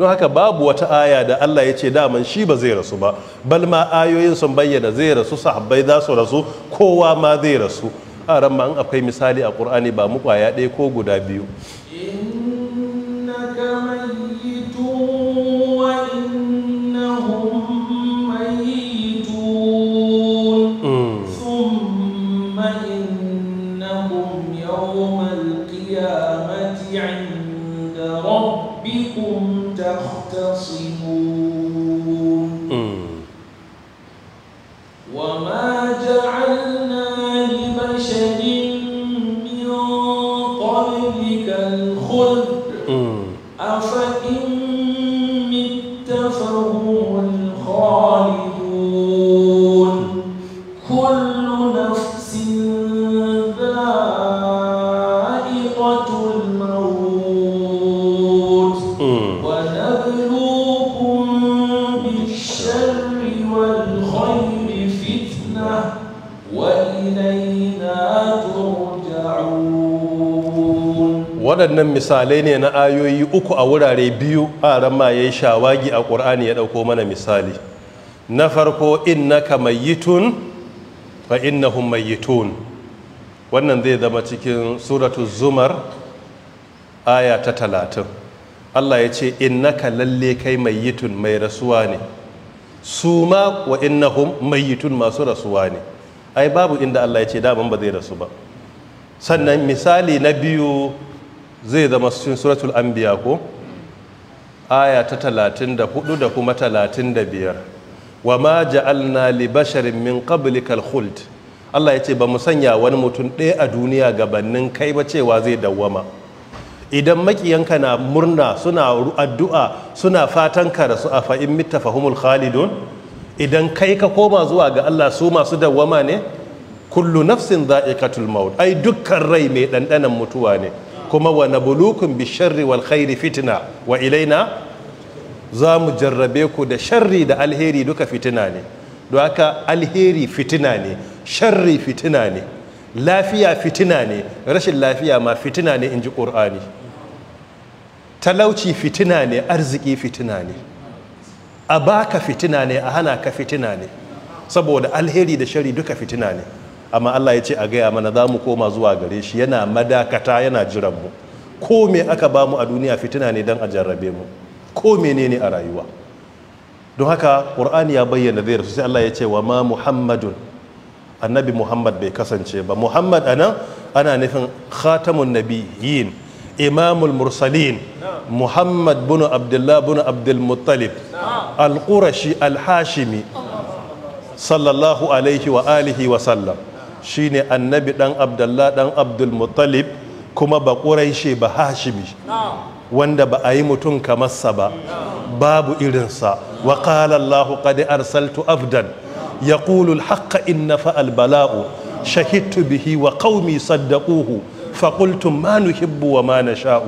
don haka babu wata aya da allah ya ce daman shi ba zai rasu ba bal ma ayoyin sun bayyana zai rasu sahabbai za su rasu kowa ma zai rasu a ran ma an akwai misali a ƙur'ani ba mu kwaya ɗaya ko guda biyu descanso waɗannan misalai ne na ayoyi uku a wurare biyu a rama ya yi shawagi a ƙur'ani ya ɗauko mana misali na farko innaka mayyitun fa yi tun. wannan zai zama cikin suratu zumar aya ta talatin allah ya ce innaka lalle kai tun mai rasuwa ne su ma wa yi tun masu rasuwa ne ai babu inda allah ya ce daman ba zai rasu ba sannan misali na biyu zai zama cikin suratul anbiya ko aya ta talatin da hudu da kuma talatin da biyar wa ma ja'alna li basharin min al khuld Allah ya ce ba mu sanya wani mutum ɗaya a duniya gabanin kai ba cewa zai dawwama idan makiyanka na murna suna addu'a suna fatan ka rasu a fa'in mita khalidun idan kai ka koma zuwa ga Allah su masu dawwama ne kullu nafsin za'iqatul maut ai dukkan rai mai ɗanɗanan mutuwa ne kuma wa bulukun bi sharri wal khairi fitina wa ilaina za mu jarrabe ku da sharri da alheri duka fitina ne don haka alheri fitina ne sharri fitina ne lafiya fitina ne rashin lafiya ma fitina ne in ji ƙur'ani talauci fitina ne arziki fitina ne a baka fitina ne a hana ka fitina ne saboda alheri da shari duka fitina ne amma Allah ya ce a gaya mana za mu koma zuwa gare shi yana madakata yana jiran mu ko me aka ba mu a duniya fitina ne don a jarrabe mu ko menene a rayuwa don haka ƙur'ani ya bayyana zai rasu sai Allah ya ce wa ma muhammadun annabi muhammad bai kasance ba muhammad anan ana nufin khatamun yin imamul mursalin muhammad bin abdullah bin abdul muttalib al-qurashi al-hashimi sallallahu alaihi wa alihi wa sallam shine annabi dan abdullah dan abdul muttalib kuma ba quraishi ba hashimi wanda ba a yi mutum kamarsa ba babu irinsa wa qala allah qad arsaltu abdan Ya al-haqqa inna fa albala'u balau shahidtu bihi wa qaumi saddaquhu فقلتم ما نحب وما نشاء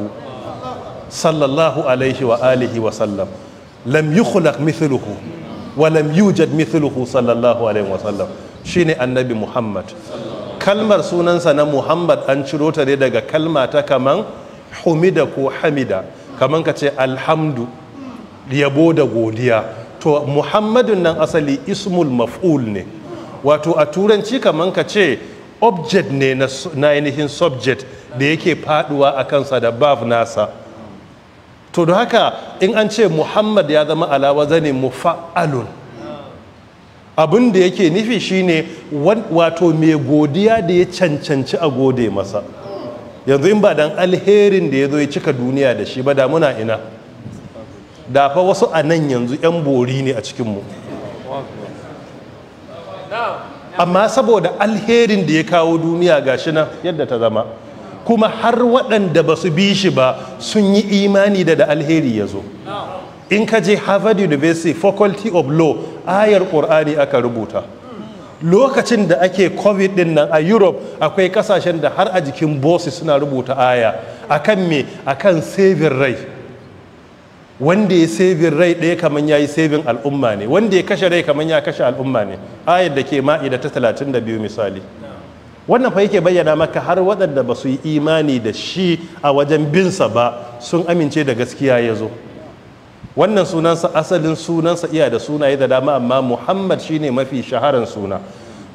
صلى الله عليه وآله وسلم لم يخلق مثله ولم يوجد مثله sallallahu alaihi wa وسلم shine annabi muhammad kalmar sunansa na muhammad an ciro ta ne daga kalma ta kaman humida ko hamida kaman ka ce alhamdu yabo da godiya to muhammadun nan asali ismul maf'ul ne wato a turanci kaman ka ce object ne na ainihin subject da yake faduwa a kansa da baf nasa to da haka in an ce muhammad ya zama alawa zane mufa'alun abin da yake nufi shine wato mai godiya da ya cancanci a gode masa yanzu in ba dan alherin da ya zo ya cika duniya da shi ba da muna ina da fa wasu a nan yanzu 'yan bori ne a cikinmu amma saboda alherin da ya kawo duniya ga shi nan yadda ta zama kuma har waɗanda ba su bi shi ba sun yi imani da da alheri ya zo in ka je harvard university faculty of law ayar ƙur'ani aka rubuta lokacin da ake covid din nan a europe akwai kasashen da har a jikin bosses suna rubuta aya akan me akan saving rai wanda ya saving rai ɗaya kamar ya yi saving al'umma ne wanda ya kashe rai kamar ya kashe al'umma ne ayar da ke ma'ida ta 32 misali wannan fa yake bayyana maka har waɗanda ba su yi imani da shi a wajen binsa ba sun amince da gaskiya ya zo wannan sunansa asalin sunansa iya da sunaye da dama amma muhammad shine mafi shaharan suna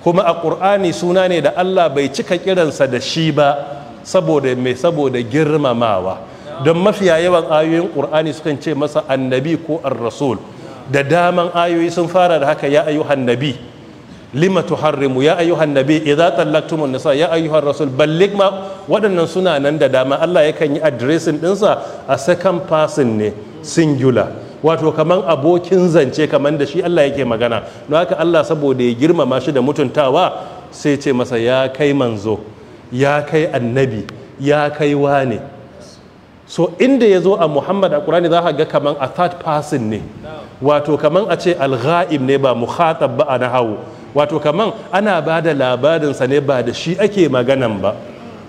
kuma a ƙur'ani suna ne da allah bai cika kiransa da shi ba saboda mai saboda girmamawa don mafiya yawan ayoyin ƙur'ani sukan ce masa annabi ko ar-rasul da daman ayoyi sun fara da haka ya ayyuhan nabi lima tuharrimu ya ayyuhan nabi idza tallaqtumun nisa ya ayyuhan rasul balligh ma waɗannan suna nan da dama Allah yakan yi addressing ɗinsa a second person ne singular wato kaman abokin zance kaman da shi Allah yake magana don haka Allah saboda ya girmama shi da mutuntawa sai ce masa ya kai manzo ya kai annabi ya kai wane so inda ya zo a muhammad a ƙurani za ga kaman a third person ne wato kaman a ce algha'ib ne ba mukhatab ba a nahawu wato kaman ana ba da labarinsa ne ba da shi ake maganan ba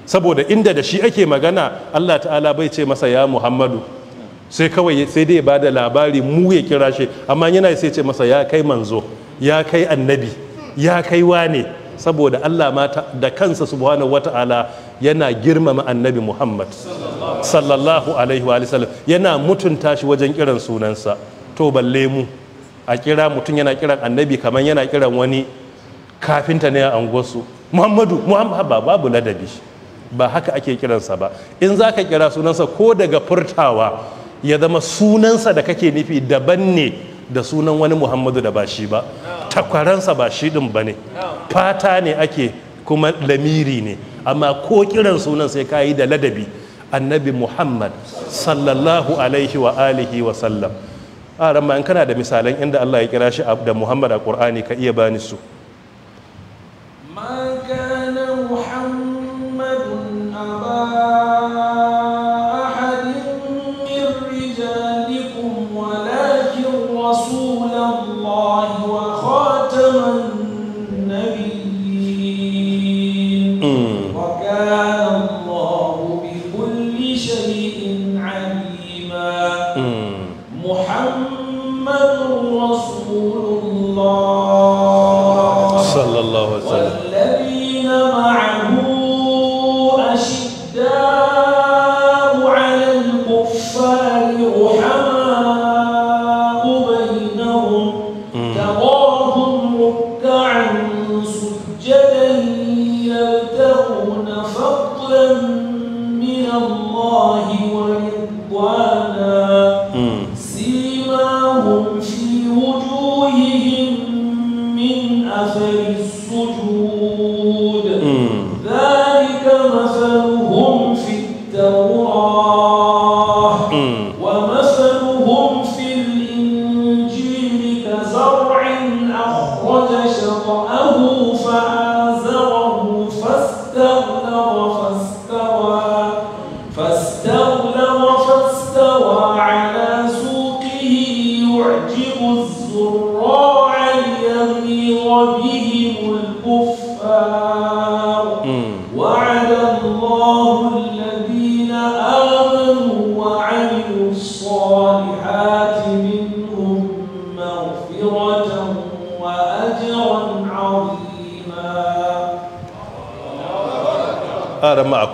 saboda inda da shi ake magana allah ta'ala bai ce masa ya muhammadu sai kawai sai dai ba da labari mu ya kira shi amma yana sai ce masa ya kai manzo ya kai annabi ya kai wane saboda allah mata da kansa subhanahu wata'ala yana girmama annabi muhammad sallallahu alaihi wa sallam yana mutunta shi wajen kiran sunansa to balle mu a kira mutum yana kiran annabi kamar yana kiran wani kafinta ne a anguwarsu muhammadu muhammadu babu ladabi ba haka ake kiransa ba in za ka kira sunansa ko daga furtawa ya zama sunansa da kake nufi daban ne da sunan wani muhammadu da ba shi ba takwaransa ba shi din ba ne fata ne ake kuma lamiri ne amma ko kiran sunan sai ka yi da ladabi annabi muhammad sallallahu alaihi wa alihi wa sallam a ran kana da misalan inda Allah ya kira shi da Muhammad a Qur'ani ka iya bani su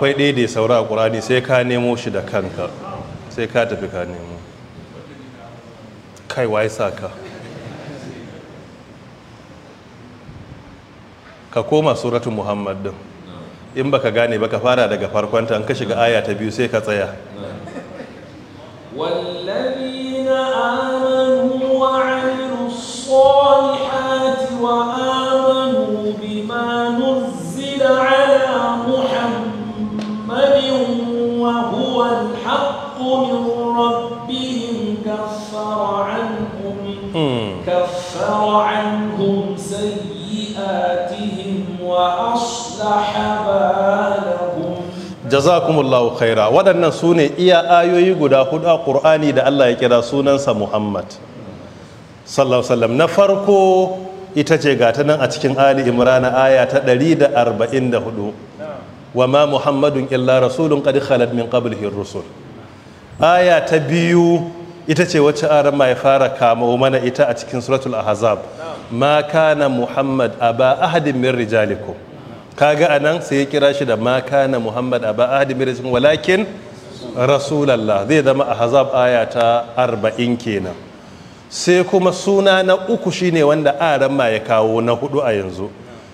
akwai ɗaya da ya saura a ƙurani sai ka nemo shi da kanka sai ka tafi ka nemo kai waye sa ka ka koma suratun muhammad din in baka gane ba ka fara daga farkonta an ka shiga aya ta biyu sai ka tsaya والذين آمنوا وعملوا الصالحات وآمنوا بما نزل على محمد من ربهم كفر عنهم hmm. كفر عنهم سيئاتهم وأصلح بالهم jazakumullahu khaira waɗannan sune ne iya ayoyi guda hudu a ƙur'ani da Allah ya kira sunansa Muhammad sallallahu na farko ita ce gata nan a cikin Ali Imran aya ta ɗari da arba'in 144 wa ma Muhammadun illa rasulun qad khalat min qablihi rusul aya ta biyu ita ce wacce aran ya fara kamo mana ita a cikin suratul ahzab ma kana muhammad aba ahadin min rijalikum kaga anan sai ya kira shi da ma kana muhammad aba ahadin min rijalikum walakin rasulullah zai zama ahzab aya ta 40 kenan sai kuma suna na uku shine wanda aran ya kawo na hudu a yanzu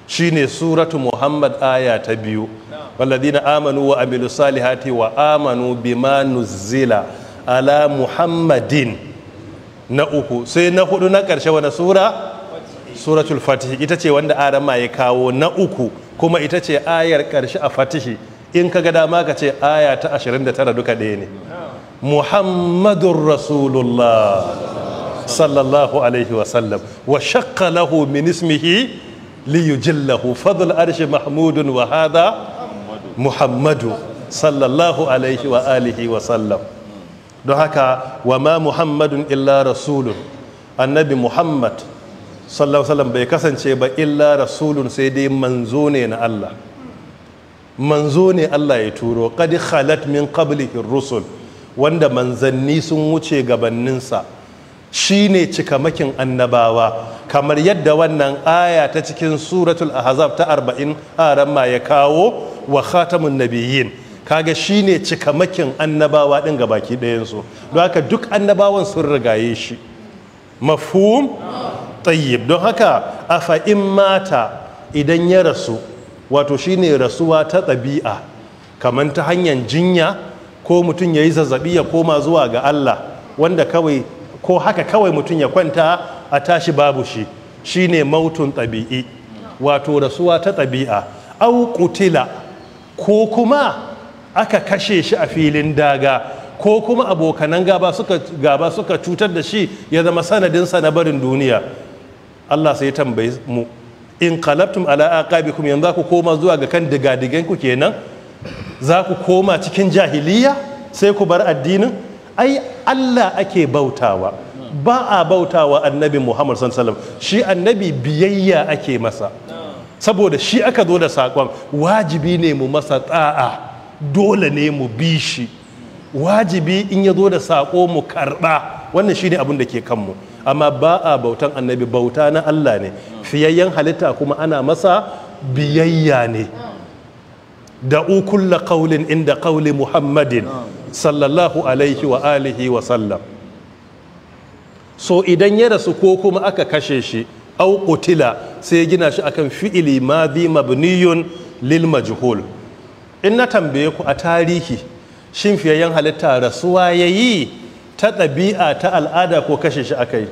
shine suratu muhammad aya ta biyu Balladina amanu wa amilu salihati wa amanu bima nuzzila ala muhammadin na uku sai na hudu na karshe wani sura suratul fatihi ita ce wanda adama ya kawo na uku kuma ita ce ayar karshe a fatihi in ka ga dama ka ce aya ta 29 duka ɗaya ne muhammadun rasulullah sallallahu alaihi wasallam wa shakka lahu min ismihi liyujillahu fadl arshi mahmudun wahada. muhammadu sallallahu alaihi wa alihi wa sallam don haka wa ma muhammadun illa rasulun annabi muhammad sallallahu sallam bai kasance ba illa rasulun sai dai manzo ne na Allah manzo ne Allah ya turo kadi khalat min qablihi rusul wanda manzanni sun wuce gabanninsa shine cikamakin annabawa kamar yadda wannan aya ta cikin suratul ahzab ta 40 aran ma ya kawo wa khatamun nabiyyin kaga shine cikamakin annabawa ɗin ga baki ɗayansu. don haka duk annabawan sun rigaye shi mafhum tayyib don haka a in mata idan ya rasu wato shine rasuwa ta ɗabi'a kamar ta hanyar jinya ko mutum ya yi zazzabi ya koma zuwa ga Allah wanda kawai ko haka kawai mutum ya kwanta a tashi babu shi shine mautun ɗabi'i wato rasuwa ta ɗabi'a au kutila ko kuma aka kashe shi a filin daga ko kuma abokanan gaba suka cutar da shi ya zama sanadinsa na barin duniya Allah sai tambaye mu in qalabtum ala aqabikum yanzu ku koma zuwa ga kan digadigan ku kenan za ku koma cikin jahiliya sai ku bar addinin ai Allah ake bautawa ba a bautawa annabi Muhammad sallallahu alaihi wasallam shi annabi biyayya ake masa saboda shi aka zo da saƙon wajibi ne mu masa ta'a dole ne mu bi shi wajibi in ya zo da saƙo mu karɓa wannan shi ne abin da ke kanmu amma ba a bautan annabi bauta na Allah ne fiyayyen halitta kuma ana masa biyayya ne da ukulla kaulin inda ƙauli muhammadin sallallahu alaihi wa alihi wa sallam so idan ya rasu ko kuma aka kashe shi au qutila sai ya gina shi akan fi'ili madhi mabniyun lil majhul in na tambaye ku a tarihi shin fiyayyen halitta rasuwa yayi ta ɗabi'a ta al'ada ko kashe shi aka yi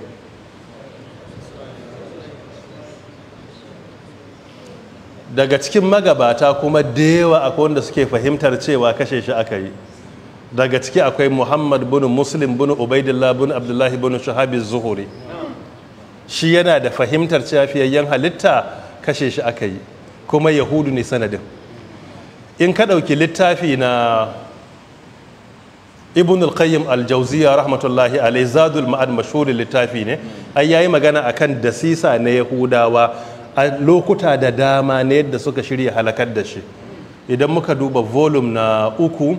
daga cikin magabata kuma da yawa akwai wanda suke fahimtar cewa kashe shi aka yi daga ciki akwai muhammad bin muslim bin ubaidillah bin abdullahi bin shahabi zuhuri shi yana da fahimtar cewa halitta kashe shi aka yi kuma yahudu ne sanadin in ka ɗauki littafi na ibn al-qayyim al-jawziya rahmatullahi alai zadul ma'ad littafi ne ai yayi magana akan dasisa na yahudawa a lokuta da dama na yadda suka shirya halakar da shi idan muka duba volume na uku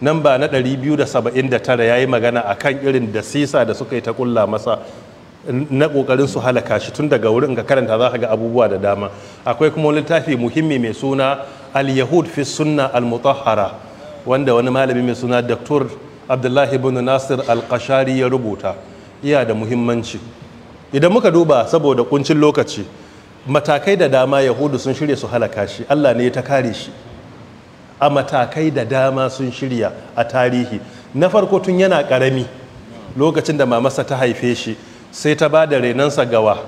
nan ba na 279 yayi magana akan irin dasisa da suka yi ta kulla masa na kokarin su halaka shi tun daga wurin ga karanta za ka ga abubuwa da dama akwai kuma littafi muhimmi mai suna al-yahud fi sunna al-mutahhara wanda wani malami mai suna dr abdullahi ibn nasir al-qashari ya rubuta iya da muhimmanci idan muka duba saboda kuncin lokaci matakai da dama yahudu sun shirya su halaka shi allah ne ta kare shi a matakai da dama sun shirya a tarihi na farko tun yana karami lokacin da mamasa ta haife shi sai ta ba da renansa gawa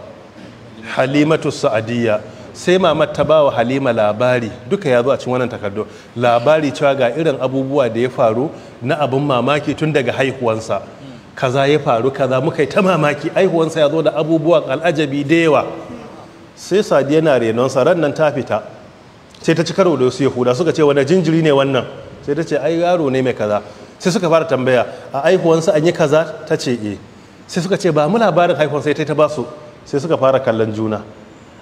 halimatu sa'adiyya sai Mamat ta ba wa halima labari duka ya zo a cikin wannan takardu labari cewa ga irin abubuwa da ya faru na abin mamaki tun daga haihuwansa kaza ya faru kaza muka yi ta mamaki haihuwansa ya zo da abubuwan al'ajabi da yawa sai sadiya na renonsa ran nan ta fita sai ta ci karo da wasu yahuda suka ce wani jinjiri ne wannan sai ta ce ai yaro ne mai kaza sai suka fara tambaya a haihuwansa an yi kaza ta ce eh sai suka ce ba mu labarin haihuwar sai ta ta basu sai suka fara kallon juna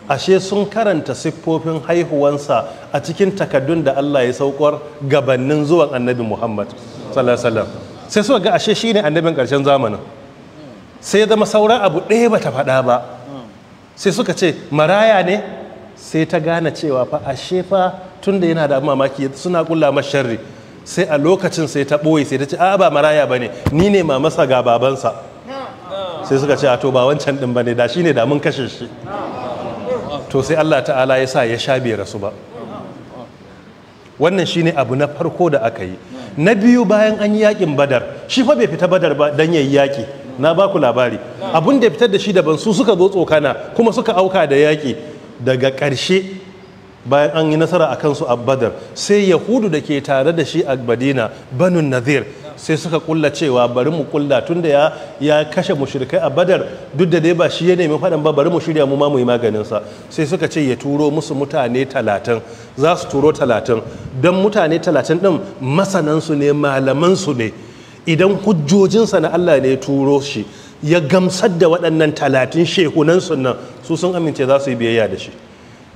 ashe sun karanta siffofin haihuwansa a cikin takaddun da Allah ya saukar gabanin zuwan annabi Muhammad sallallahu alaihi sai suka ga ashe shine annabin karshen zamanin sai ya zama saura abu ɗaya bata faɗa ba sai suka ce maraya ne sai ta gane cewa fa ashe fa tunda yana da mamaki suna kulla sharri sai a lokacin sai ta ɓoye sai ta ce a ba maraya bane ni ne mamasa ga babansa sai suka ce a to ba wancan din bane da shine da mun kashe shi to sai Allah ta'ala ya sa ya sha bai rasu ba wannan shine abu na farko da aka yi na biyu bayan an yi yakin badar shi fa bai fita badar ba dan yayi yaki na ba ku labari abun da fitar da shi daban su suka zo tsokana kuma suka auka da yaki daga ƙarshe bayan an yi nasara a kansu a badar sai yahudu da ke tare da shi a badina banu nazir sai suka kulla cewa bari mu kulla tun da ya kashe mushrikai a badar duk da dai ba shi ya nemi faɗan ba bari mu shirya mu ma mu yi maganin sa sai suka ce ya turo musu mutane talatin za su turo talatin don mutane talatin ɗin masanansu ne malamansu ne idan hujjojinsa na Allah ne turo shi ya gamsar da waɗannan talatin shehunansu nan su sun amince za su yi biyayya da shi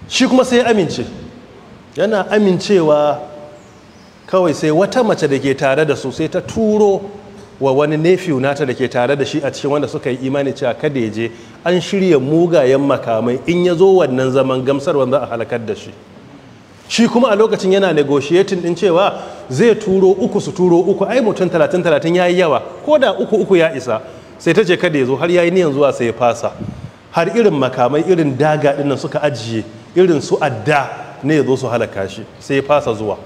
shi kuma sai ya amince yana amincewa kawai sai wata mace da ke tare da su sai ta turo wa wani nephew nata da ke tare da shi a cikin wanda suka yi imani cewa kada ya je an shirya mugayen makamai in ya zo wannan zaman gamsar wanda a halakar da shi shi kuma a lokacin yana negotiating din cewa zai turo uku su turo uku ai mutum talatin talatin ya yi yawa ko da uku uku ya isa sai ta ce kada ya zo har ya yi niyan zuwa sai ya fasa har irin makamai irin daga dinnan suka ajiye irin su adda ne ya zo su halaka shi sai ya fasa zuwa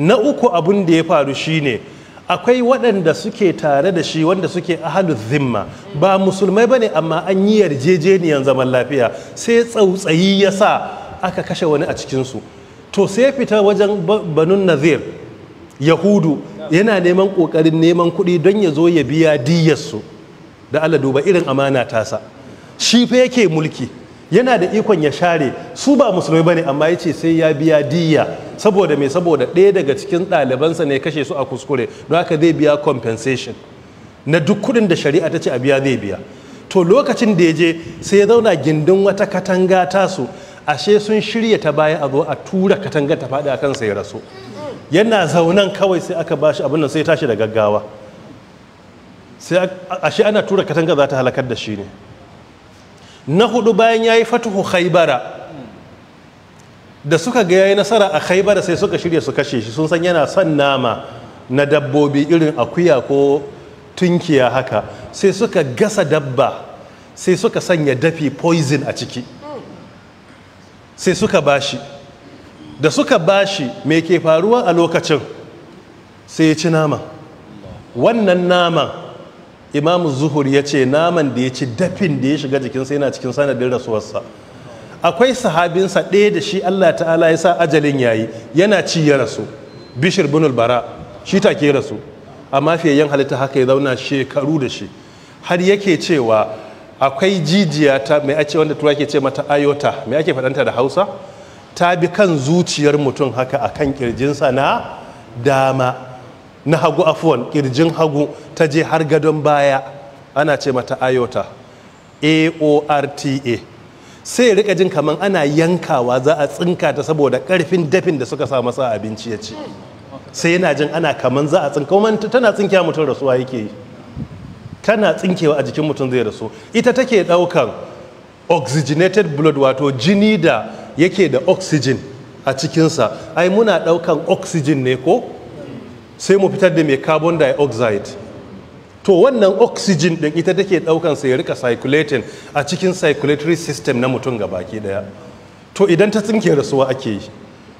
na uku abun da ya faru shine akwai waɗanda suke tare da shi wanda suke ahalu zimma ba musulmai bane amma an yi yarjejeniyar zaman lafiya sai tsautsayi ya sa aka kashe wani a cikinsu to sai fita wajen banun nazir yahudu yana neman ƙoƙarin neman kuɗi don ya zo ya biya diyarsu. da allah duba irin amana tasa shi fa yake mulki yana da ikon ya share su ba musulmai bane amma ya ce sai ya biya diyya saboda mai saboda ɗaya daga cikin ɗalibansa ne kashe su a kuskure don haka zai biya compensation na duk kuɗin da shari'a ta ce a biya zai biya to lokacin da ya je sai ya zauna gindin wata katanga ta su ashe sun shirya ta baya a zo a tura katanga ta faɗi a kan ya rasu yana zaunan kawai sai aka bashi abin nan sai tashi da gaggawa sai ashe ana tura katanga za ta halakar da shi ne na hudu bayan ya yi fatuhu khaibara da suka ga yayi nasara a khaibar sai suka shirya su kashe shi sun san yana son nama na dabbobi irin akuya ko tunkiya haka sai suka gasa dabba sai suka sanya dafi poison a ciki sai suka bashi da suka bashi me ke faruwa a lokacin sai ya ci nama wannan naman imamu zuhur ya ce naman da ya ci dafin da ya shiga jikinsa yana cikin sanadin rasuwarsa akwai sahabinsa ɗaya da shi Allah ta'ala ya sa ajalin yayi yana ci ya rasu bishir bin bara shi ke rasu amma yan halitta haka ya zauna shekaru da shi har yake cewa akwai jijiya ta mai ake wanda tura ke ce mata ayota mai ake faɗanta da hausa ta bi kan zuciyar mutum haka a kan kirjinsa na dama na hagu afuwan kirjin hagu ta je har gadon baya ana ce mata ayota AORTA. sai ya rika jin kaman ana yankawa za a tsinka ta saboda karfin dafin da suka sa masa abinci ya ci sai yana jin ana kamar za a tsinka kuma tana tsinkewa mutum rasuwa yake yi tana tsinkewa a jikin mutum zai rasu ita take daukan oxygenated blood wato jini da yake da oxygen a cikinsa ai muna daukan oxygen ne ko sai mu fitar da mai carbon dioxide to wannan oxygen din ita take daukan sai rika circulating a cikin circulatory system na mutum baki daya to idan ta tsinke rasuwa ake yi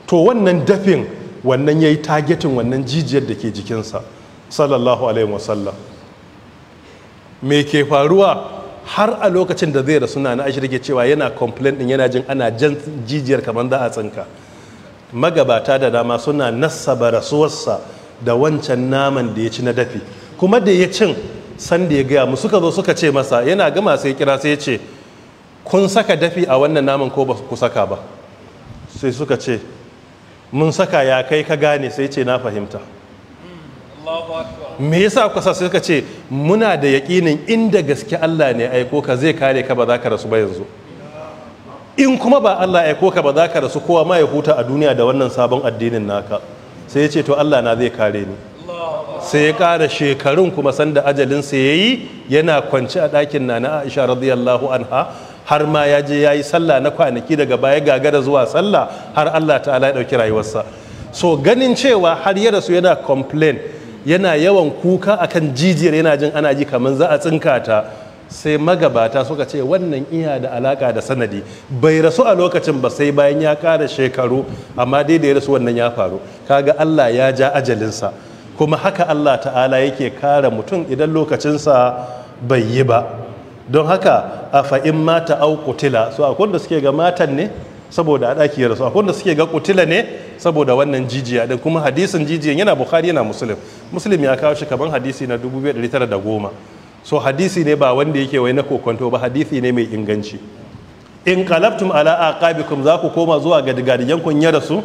to wannan dafin wannan yayi targeting wannan jijiyar da ke jikinsa sallallahu alaihi wasallam me ke faruwa har a lokacin da zai rasu na na ashirke cewa yana complain din yana jin ana jan jijiyar kamar za a tsinka magabata da dama suna nassaba rasuwarsa da wancan naman da ya ci na dafi kuma da ya cin sanda ya gaya mu suka zo suka ce masa yana gama sai kira sai ya ce kun saka dafi a wannan naman ko ba ku saka ba sai suka ce mun saka ya kai ka gane sai ce na fahimta me yasa kusa sai suka ce muna da yaƙinin inda gaske Allah ne aiko ka zai kare ka ba za ka rasu ba yanzu in kuma ba Allah aiko ka ba za ka rasu kowa ma ya huta a duniya da wannan sabon addinin naka sai ya ce to Allah na zai kare ni sai ya ƙara shekarun kuma sanda ajalinsa ya yi yana kwanci a dakin Nana aisha radiyallahu anha har ma ya je ya yi sallah na kwanaki daga baya gagara zuwa sallah har allah ta'ala ya ɗauki rayuwarsa so ganin cewa har ya rasu yana complain yana yawan kuka akan jijiyar yana jin ana ji kamar za a tsinka ta sai magabata suka ce wannan iya da alaka da sanadi bai rasu a lokacin ba sai bayan ya kara shekaru amma dai da ya rasu wannan ya faru kaga allah ya ja ajalinsa kuma haka Allah ta'ala yake kare mutum idan lokacinsa bai yi ba don haka a fa'in mata au kutila so a da suke ga matan ne saboda a ɗaki rasu akwai da suke ga kutila ne saboda wannan jijiya din kuma hadisin jijiyan yana bukhari yana muslim muslim ya kawo shi kaban hadisi na goma. so hadisi ne ba wanda yake wai na kokonto ba hadisi ne mai inganci in kalabtum ala aqabikum za ku koma zuwa ga digadiyan kun ya rasu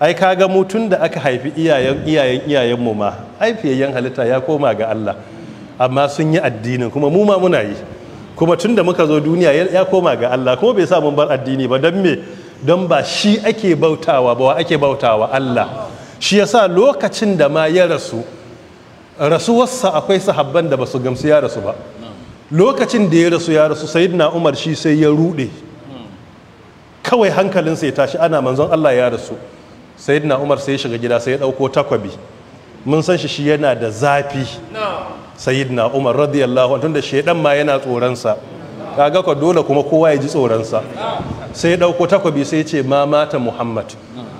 ai kaga mu tun da aka haifi iyayen iyayen iyayen mu ma haifiyayen halitta ya koma ga Allah amma sun yi addinin kuma mu ma muna yi kuma tun da muka zo duniya ya koma ga Allah kuma bai sa mun bar addini ba don me don ba shi ake bautawa ba ake bautawa Allah shi yasa lokacin da ma ya rasu rasuwarsa akwai sahabban da basu gamsu ya rasu ba lokacin da ya rasu ya rasu sayyidina Umar shi sai ya rude kawai hankalinsa ya tashi ana manzon Allah ya rasu sayyidina umar sai shiga gida sai ya dauko takwabi mun san shi shi yana da zafi sayyidina umar radiyallahu anhu da shedan ma yana tsoronsa sa kaga dole kuma kowa ya ji tsoron sa sai ya dauko takwabi sai ce ma mata muhammad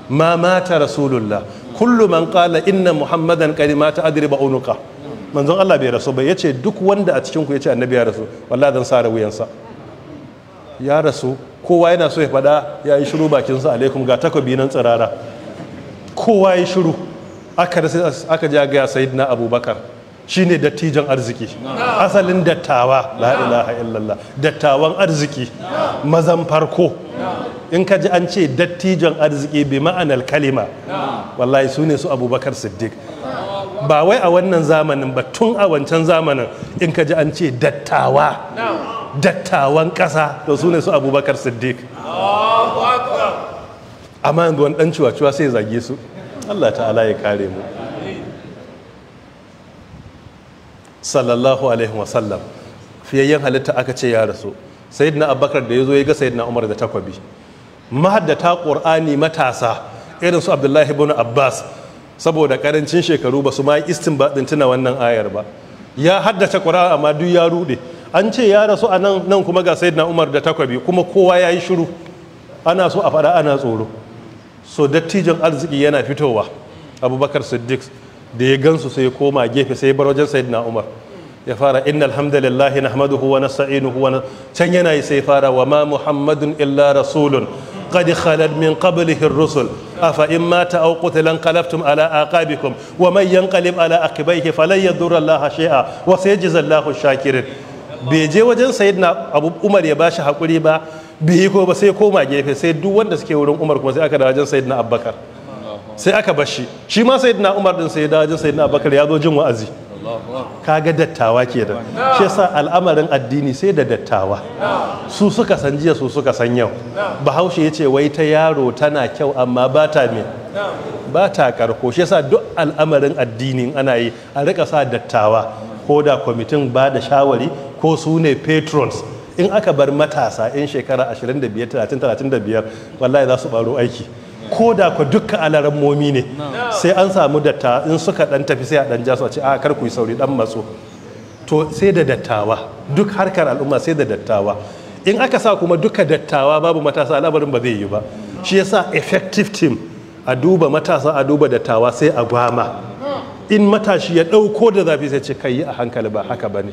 ma mata rasulullah kullu man qala inna muhammadan qad mata adriba unuka manzon Allah bai rasu ba yace duk wanda a cikin ku yace annabi ya rasu wallahi zan sa rawuyansa ya rasu kowa yana so ya faɗa ya yi shiru bakinsa alaikum ga takwabi nan tsirara kowa ya shiru aka ja gaya sai na abubakar shi ne dattijan arziki asalin dattawa la ilaha illallah dattawan arziki mazan farko in ka ji an ce dattijan arziki bi ma'anar kalima wallahi su ne su abubakar siddiq ba wai a wannan zamanin ba tun a wancan zamanin in ka ji an ce dattawa dattawan ƙasa to su ne su abubakar siddiq amma yanzu wani dan cuwa sai zage su Allah ta'ala ya kare mu sallallahu alaihi wasallam fiyayyen halitta aka ce ya rasu na Abakar da ya zo ya ga na umar da takwabi mahaddata ƙur'ani matasa irin su abdullahi ibn abbas saboda karancin shekaru ba su ma istinbadin tuna wannan ayar ba ya haddata qur'ani amma duk ya rude an ce ya rasu a nan kuma ga sayyidina umar da takwabi kuma kowa ya yi shiru ana so a faɗa ana tsoro so dattijon arziki yana fitowa abubakar siddiq da ya gansu sai koma gefe sai bar wajen na umar ya fara innal na nahmaduhu wa nasta'inuhu wa can yana sai fara wa ma muhammadun illa rasulun kadi khalad min qablihi rusul afa in mata aw qutila qalaftum ala aqabikum wa mai yanqalib ala aqibaihi falan yadurra Allah shay'a wa sayajzi Allahu shakirin bai je wajen sayyidina abu umar ya bashi hakuri ba bai ko ba sai koma gefe sai duk wanda suke wurin umar kuma sai aka da rajin sayyidina abubakar sai aka bar shi shi ma sayyidina umar din sai ya da rajin sayyidina abubakar ya zo jin wa'azi kaga dattawa kenan shi yasa al'amarin addini sai da dattawa su suka san jiya su suka san yau bahaushe ya ce wai ta yaro tana kyau amma ba ta me ba ta karko shi yasa duk al'amarin addinin ana yi a rika sa dattawa ko da kwamitin ba da shawari ko su ne patrons in aka bar matasa in shekara 25 35 wallahi za su baro aiki ko da ku dukkan alaran momi ne sai an samu datta in suka dan tafi sai a dan jasu a ce a kar ku yi sauri dan matso to sai da dattawa duk harkar al'umma sai da dattawa in aka sa kuma duka dattawa babu matasa al'amarin ba zai yi ba shi yasa effective team a duba matasa a duba dattawa sai a gwama in matashi ya ɗauko da zafi sai ce kai a hankali ba haka ba ne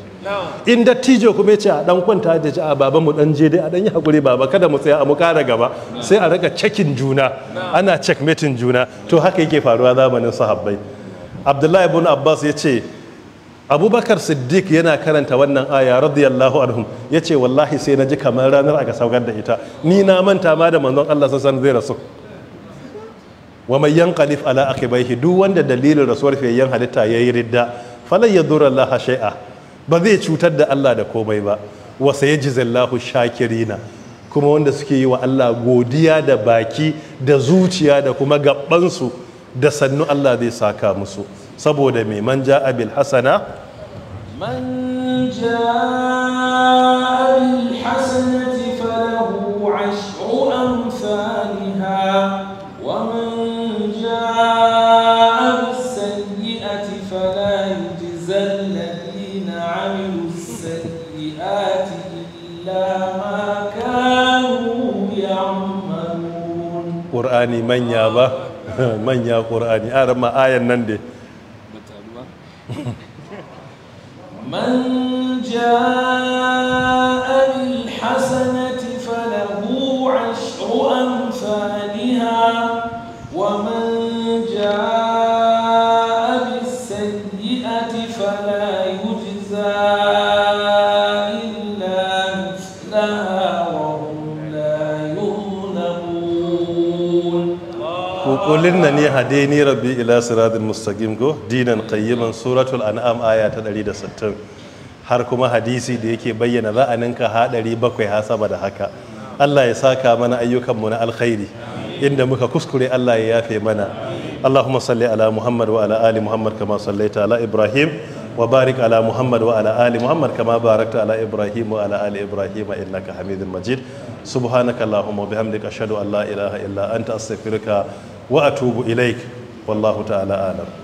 in dattijo kuma ce a ɗan kwanta da ji a baba mu ɗan je dai a ɗan yi haƙuri baba kada mu tsaya a mu ƙara gaba sai a raka cekin juna ana metin juna to haka yake faruwa zamanin sahabbai abdullahi ibn abbas ya ce abubakar siddiq yana karanta wannan aya radiyallahu anhum ya ce wallahi sai na ji kamar ranar aka saukar da ita ni na manta ma da manzon allah sassan zai rasu wa mai kalif ala shi duk wanda dalilin rasuwar yan halitta ya yi ridda falan zura Allah shai'a ba zai cutar da Allah da komai ba wa sayajizallahu shakirina kuma wanda suke yi wa Allah godiya da baki da zuciya da kuma gabansu da sannu Allah zai saka musu saboda mai manja abil hasana السيئة فلا يجزى الذين عملوا السيئات إلا ما كانوا يعملون قرآني من يا با من يا قرآني أرمى آية نندي من جاء بالحسنة فله عشر أمثالها ومن جاء na فلا يجزى إلا مثلها وهم لا يظلمون وقل إنني هديني ربي إلى صراط 160 har kuma hadisi da yake bayyana la'aninka haɗari bakwai ha sama da haka Allah ya saka mana ayyukan mu na alkhairi inda muka kuskure Allah ya yafe mana اللهم صل على محمد وعلى آل محمد كما صليت على إبراهيم وبارك على محمد وعلى آل محمد كما باركت على إبراهيم وعلى آل إبراهيم إنك حميد مجيد سبحانك اللهم وبحمدك أشهد أن لا إله إلا أنت أستغفرك وأتوب إليك والله تعالى أعلم